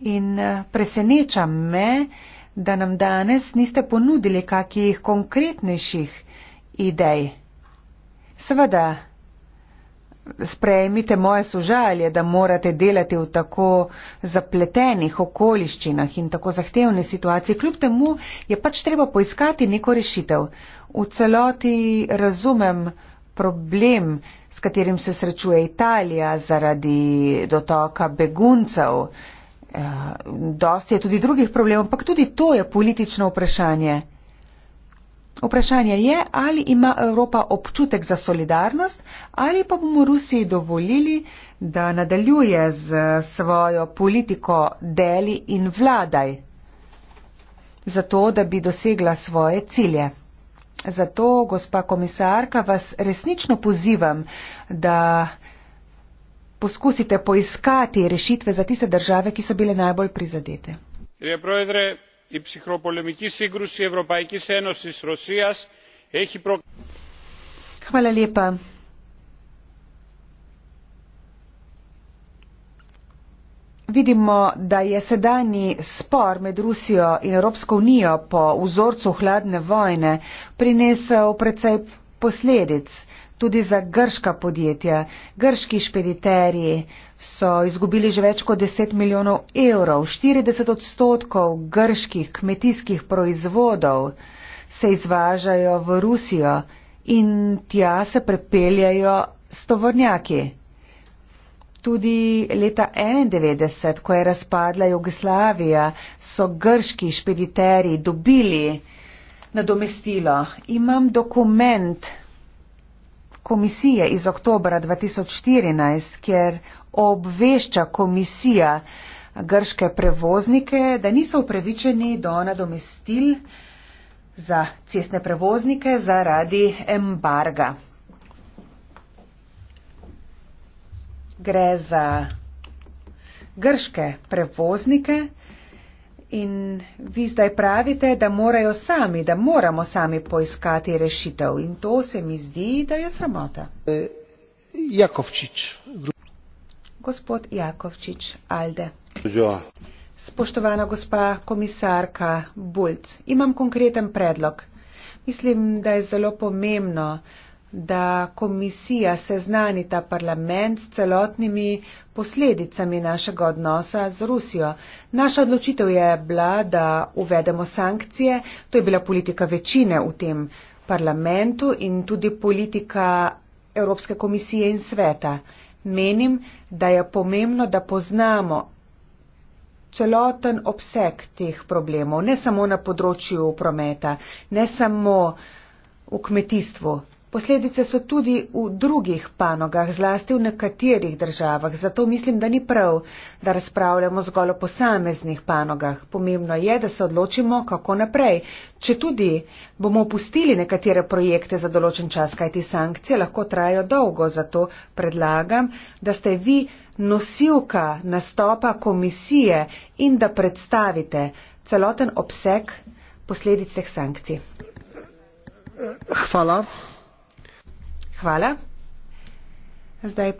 Speaker 3: In eh, preseneča me, da nam danes niste ponudili kakih konkretnejših idej. Seveda, sprejmite moje sožalje, da morate delati v tako zapletenih okoliščinah in tako zahtevni situaciji. Kljub temu je pač treba poiskati neko rešitev. V celoti razumem problem, s katerim se srečuje Italija zaradi dotoka beguncev. Eh, dosti je tudi drugih problemov, ampak tudi to je politično vprašanje. Vprašanje je, ali ima Evropa občutek za solidarnost ali pa bomo Rusiji dovolili, da nadaljuje z svojo politiko deli in vladaj, zato da bi dosegla svoje cilje. Zato, gospa komisarka, vas resnično pozivam, da poskusite poiskati rešitve za tiste države, ki so bile najbolj prizadete.
Speaker 2: Je, η ψυχροπολεμική σύγκρουση ευρωπαϊκής ένωσης ρωσίας έχει
Speaker 3: προκαλέσει Vidimo, da je sedajni spor med Rusijo in Evropsko unijo po vzorcu hladne vojne prinesel precej posledic, tudi za grška podjetja. Grški špediterji so izgubili že več kot 10 milijonov evrov, 40 odstotkov grških kmetijskih proizvodov se izvažajo v Rusijo in tja se prepeljajo s tovornjaki. Tudi leta 1991, ko je razpadla Jugoslavija, so grški špediterji dobili nadomestilo. Imam dokument, komisije iz oktobra 2014, kjer obvešča komisija grške prevoznike, da niso upravičeni do nadomestil za cestne prevoznike zaradi embarga. Gre za grške prevoznike. In vi zdaj pravite, da morajo sami, da moramo sami poiskati rešitev. In to se mi zdi, da je sramota. E,
Speaker 2: Jakovčič.
Speaker 3: Gospod Jakovčič, Alde. Ja. Spoštovana gospa komisarka Bulc, imam konkreten predlog. Mislim, da je zelo pomembno, da komisija seznani ta parlament s celotnimi posledicami našega odnosa z Rusijo. Naša odločitev je bila, da uvedemo sankcije, to je bila politika večine v tem parlamentu in tudi politika Evropske komisije in sveta. Menim, da je pomembno, da poznamo celoten obseg teh problemov, ne samo na področju prometa, ne samo v kmetijstvu, Posledice so tudi v drugih panogah, zlasti v nekaterih državah, zato mislim, da ni prav, da razpravljamo zgolj o posameznih panogah. Pomembno je, da se odločimo, kako naprej. Če tudi bomo opustili nekatere projekte za določen čas, kajti sankcije lahko trajajo dolgo, zato predlagam, da ste vi nosilka nastopa komisije in da predstavite celoten obseg posledic teh sankcij. Hvala. Hvala. Zdaj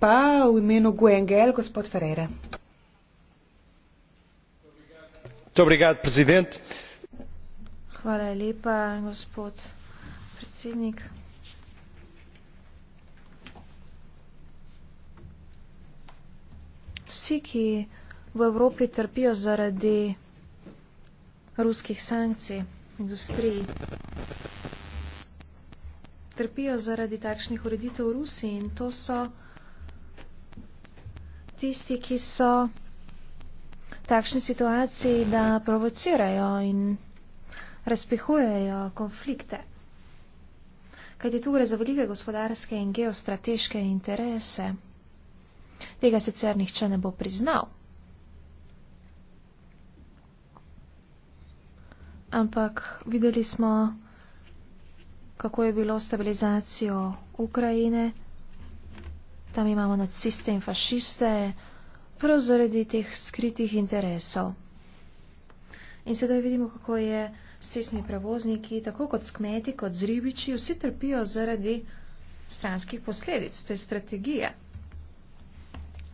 Speaker 3: pa v imenu Guengel, gospod Ferrere.
Speaker 4: Hvala lepa, gospod predsednik. Vsi, ki v Evropi trpijo zaradi ruskih sankcij, industriji, trpijo zaradi takšnih ureditev v Rusiji in to so tisti, ki so v takšni situaciji, da provocirajo in razpihujejo konflikte. Kaj ti tu gre za velike gospodarske in geostrateške interese? Tega sicer nihče ne bo priznal. Ampak videli smo, kako je bilo stabilizacijo Ukrajine. Tam imamo naciste in fašiste, prav zaradi teh skritih interesov. In sedaj vidimo, kako je sesni prevozniki, tako kot skmeti, kot zribiči, vsi trpijo zaradi stranskih posledic te strategije.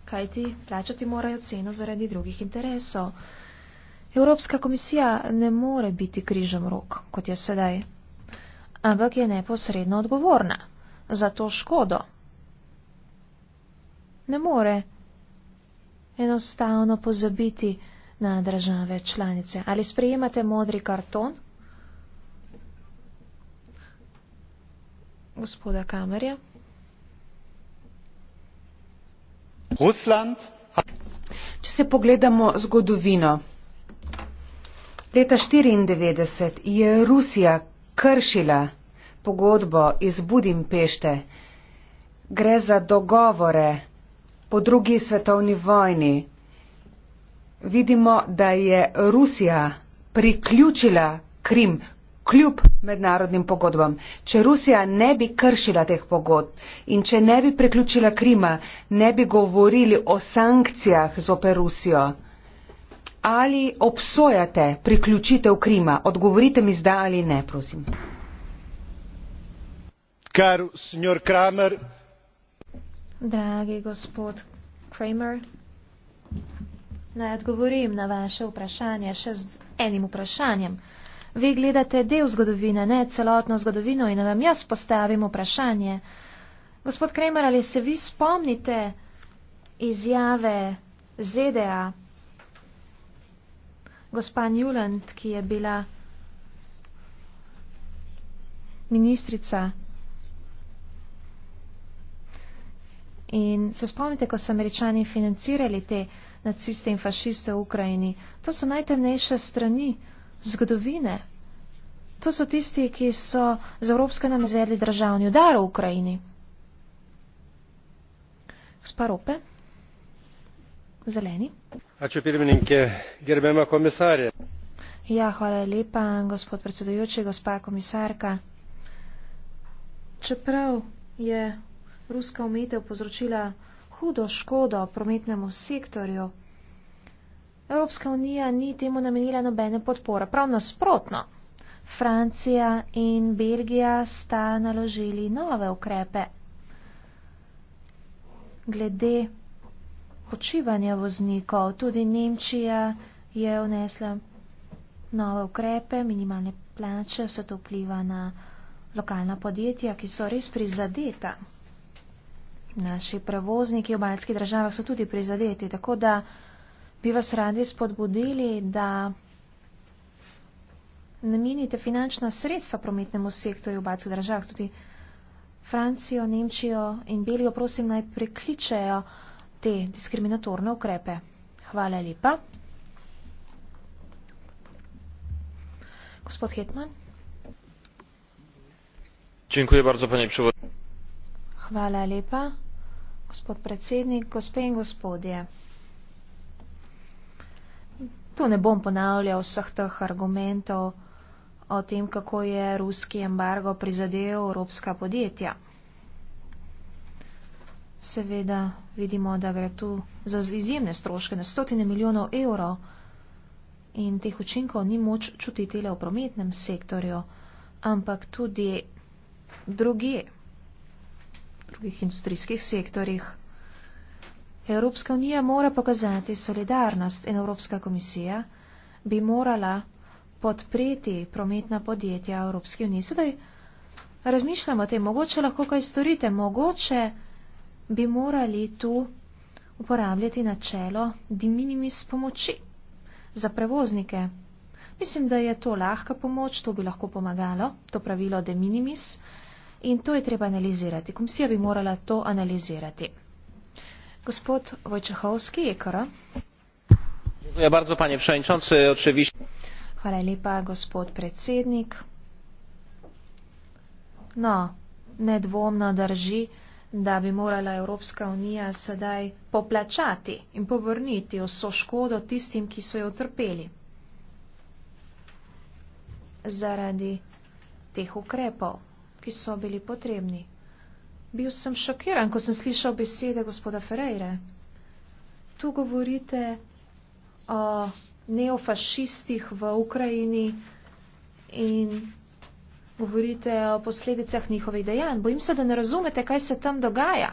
Speaker 4: Kaj ti plačati morajo ceno zaradi drugih interesov? Evropska komisija ne more biti križem rok, kot je sedaj ampak je neposredno odgovorna za to škodo. Ne more enostavno pozabiti na države članice. Ali sprejemate modri karton? Gospoda Kamerja. Rusland. Če se
Speaker 3: pogledamo zgodovino, leta 1994 je Rusija kršila pogodbo iz Budimpešte. Gre za dogovore po drugi svetovni vojni. Vidimo, da je Rusija priključila Krim kljub mednarodnim pogodbam. Če Rusija ne bi kršila teh pogodb in če ne bi priključila Krima, ne bi govorili o sankcijah zoper Rusijo ali obsojate priključitev Krima? Odgovorite mi zdaj ali ne, prosim.
Speaker 2: Kar, senjor Kramer.
Speaker 4: Dragi gospod Kramer, naj odgovorim na vaše vprašanje še z enim vprašanjem. Vi gledate del zgodovine, ne celotno zgodovino in vam jaz postavim vprašanje. Gospod Kramer, ali se vi spomnite izjave ZDA Gospa Newland, ki je bila ministrica. In se spomnite, ko so američani financirali te naciste in fašiste v Ukrajini. To so najtemnejše strani zgodovine. To so tisti, ki so z Evropske nam izvedli državni udar v Ukrajini. Gospa Rope, zeleni. Ja, čeprav je ruska umetev povzročila hudo škodo prometnemu sektorju, Evropska unija ni temu namenila nobene podpore. Prav nasprotno, Francija in Belgija sta naložili nove ukrepe glede počivanja voznikov. Tudi Nemčija je vnesla nove ukrepe, minimalne plače, vse to vpliva na lokalna podjetja, ki so res prizadeta. Naši prevozniki v baljskih državah so tudi prizadeti, tako da bi vas radi spodbudili, da namenite finančna sredstva prometnemu sektorju v baljskih državah, tudi Francijo, Nemčijo in Belijo, prosim, naj prekličejo te diskriminatorne ukrepe. Hvala lepa. Gospod Hetman.
Speaker 2: Dziękuję bardzo, panie przewodniczący.
Speaker 4: Hvala lepa, gospod predsednik, gospe in gospodje. Tu ne bom ponavljal vseh teh argumentov o tem, kako je ruski embargo prizadel evropska podjetja seveda vidimo, da gre tu za izjemne stroške na stotine milijonov evrov in teh učinkov ni moč čutiti le v prometnem sektorju, ampak tudi druge, drugih industrijskih sektorjih. Evropska unija mora pokazati solidarnost in Evropska komisija bi morala podpreti prometna podjetja Evropske unije. Sedaj razmišljamo o tem, mogoče lahko kaj storite, mogoče bi morali tu uporabljati načelo di minimis pomoči za prevoznike. Mislim, da je to lahka pomoč, to bi lahko pomagalo, to pravilo de minimis in to je treba analizirati. Komisija bi morala to analizirati. Gospod Vojčehovski, Ekora.
Speaker 2: Ja, bardzo, panie przewodniczący, oczywiście.
Speaker 4: Hvala lepa, gospod predsednik. No, nedvomno drži da bi morala Evropska unija sedaj poplačati in povrniti vso škodo tistim, ki so jo trpeli zaradi teh ukrepov, ki so bili potrebni. Bil sem šokiran, ko sem slišal besede gospoda Ferreira. Tu govorite o neofašistih v Ukrajini in govorite o posledicah njihovih dejanj. Bojim se, da ne razumete, kaj se tam dogaja.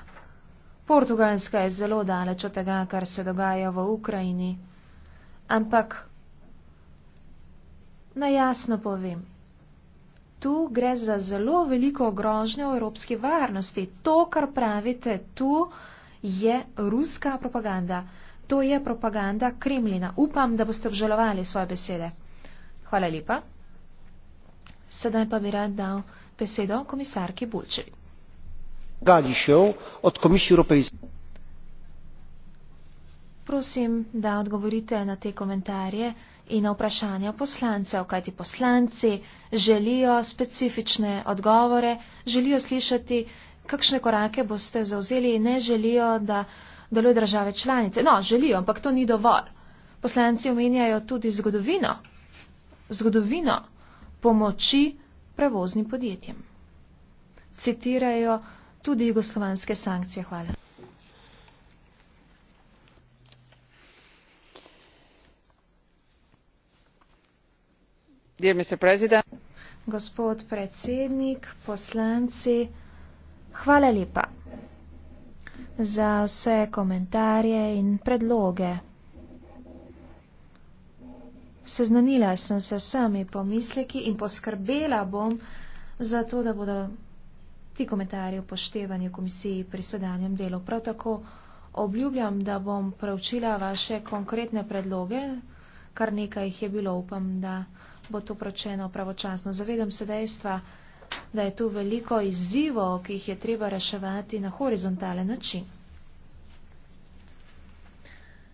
Speaker 4: Portugalska je zelo daleč od tega, kar se dogaja v Ukrajini. Ampak najjasno povem, tu gre za zelo veliko grožnjo evropski varnosti. To, kar pravite tu, je ruska propaganda. To je propaganda Kremlina. Upam, da boste obžalovali svoje besede. Hvala lepa. Sedaj pa bi rad dal besedo komisarki Bulčevi. Prosim, da odgovorite na te komentarje in na vprašanja poslancev, kajti poslanci želijo specifične odgovore, želijo slišati, kakšne korake boste zauzeli in ne želijo, da deluje države članice. No, želijo, ampak to ni dovolj. Poslanci omenjajo tudi zgodovino. Zgodovino pomoči prevoznim podjetjem. Citirajo tudi jugoslovanske sankcije. Hvala. Gospod predsednik, poslanci, hvala lepa za vse komentarje in predloge. Seznanila sem se s sami pomisleki in poskrbela bom za to, da bodo ti komentarji upoštevani v komisiji pri sedanjem delu. Prav tako obljubljam, da bom preučila vaše konkretne predloge, kar nekaj jih je bilo, upam, da bo to pročeno pravočasno. Zavedam se dejstva, da je tu veliko izzivov, ki jih je treba reševati na horizontalen način.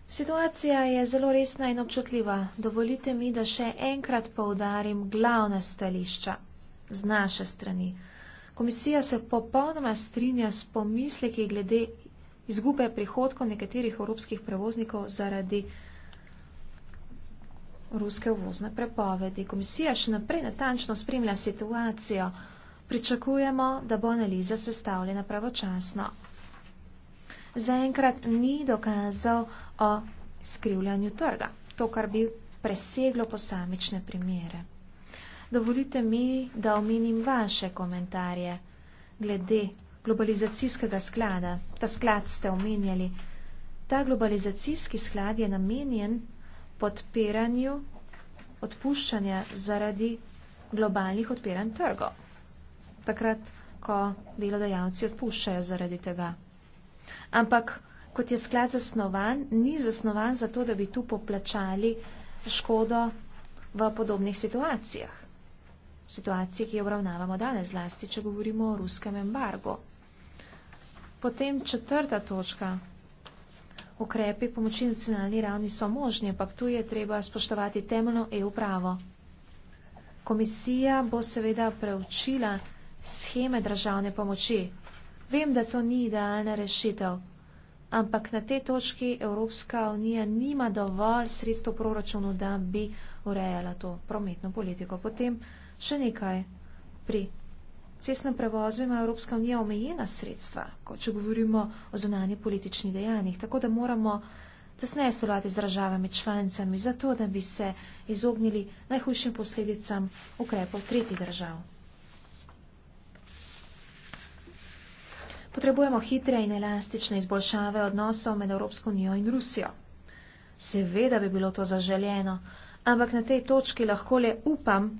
Speaker 4: Situacija je zelo resna in občutljiva. Dovolite mi, da še enkrat povdarim glavna stališča z naše strani. Komisija se popolnoma strinja s pomisleki glede izgube prihodkov nekaterih evropskih prevoznikov zaradi ruske uvozne prepovedi. Komisija še naprej natančno spremlja situacijo. Pričakujemo, da bo analiza sestavljena pravočasno zaenkrat ni dokazal o skrivljanju trga, to, kar bi preseglo posamične primere. Dovolite mi, da omenim vaše komentarje glede globalizacijskega sklada. Ta sklad ste omenjali. Ta globalizacijski sklad je namenjen podpiranju odpuščanja zaradi globalnih odpiranj trgov. Takrat, ko delodajalci odpuščajo zaradi tega. Ampak kot je sklad zasnovan, ni zasnovan zato, da bi tu poplačali škodo v podobnih situacijah. Situacije, ki jo obravnavamo danes, zlasti, če govorimo o ruskem embargo. Potem četrta točka. Ukrepi pomoči nacionalni ravni so možni, ampak tu je treba spoštovati temeljno EU pravo. Komisija bo seveda preučila scheme državne pomoči, Vem, da to ni idealna rešitev, ampak na tej točki Evropska unija nima dovolj sredstv v proračunu, da bi urejala to prometno politiko. Potem še nekaj pri. Cestnem prevozu ima Evropska unija omejena sredstva, ko če govorimo o zunanji politični dejanjih, tako da moramo tesneje sodelovati z državami članicami, zato da bi se izognili najhujšim posledicam ukrepov tretjih držav. Potrebujemo hitre in elastične izboljšave odnosov med Evropsko unijo in Rusijo. Seveda bi bilo to zaželjeno, ampak na tej točki lahko le upam,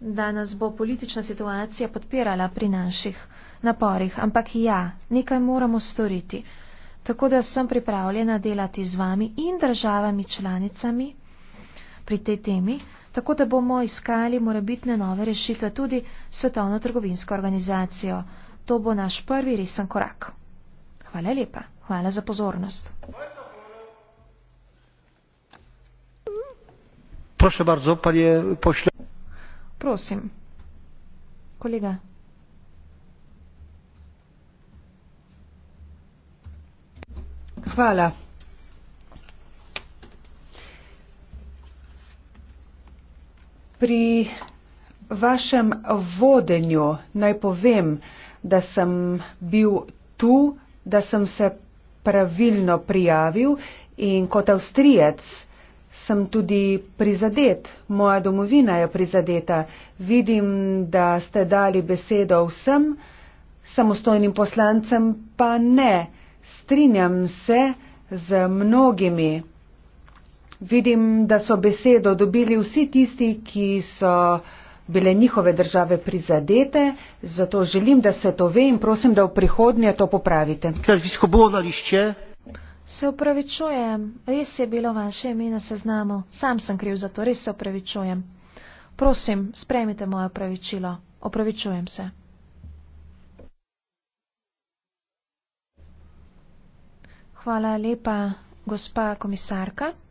Speaker 4: da nas bo politična situacija podpirala pri naših naporih. Ampak ja, nekaj moramo storiti. Tako da sem pripravljena delati z vami in državami članicami pri tej temi, tako da bomo iskali morebitne nove rešitve tudi Svetovno trgovinsko organizacijo to bo naš prvi resen korak. Hvala lepa, hvala za pozornost.
Speaker 2: Prošle bardzo, panie pośle.
Speaker 4: Prosim. Kolega.
Speaker 3: Hvala. Pri vašem vodenju naj povem, da sem bil tu, da sem se pravilno prijavil in kot avstrijec sem tudi prizadet, moja domovina je prizadeta. Vidim, da ste dali besedo vsem, samostojnim poslancem pa ne. Strinjam se z mnogimi. Vidim, da so besedo dobili vsi tisti, ki so bile njihove države prizadete, zato želim, da se to ve in prosim, da v prihodnje to
Speaker 2: popravite.
Speaker 4: Se opravičujem, res je bilo vaše ime na seznamu, sam sem kriv za to, res se opravičujem. Prosim, sprejmite moje opravičilo, opravičujem se. Hvala lepa, gospa komisarka.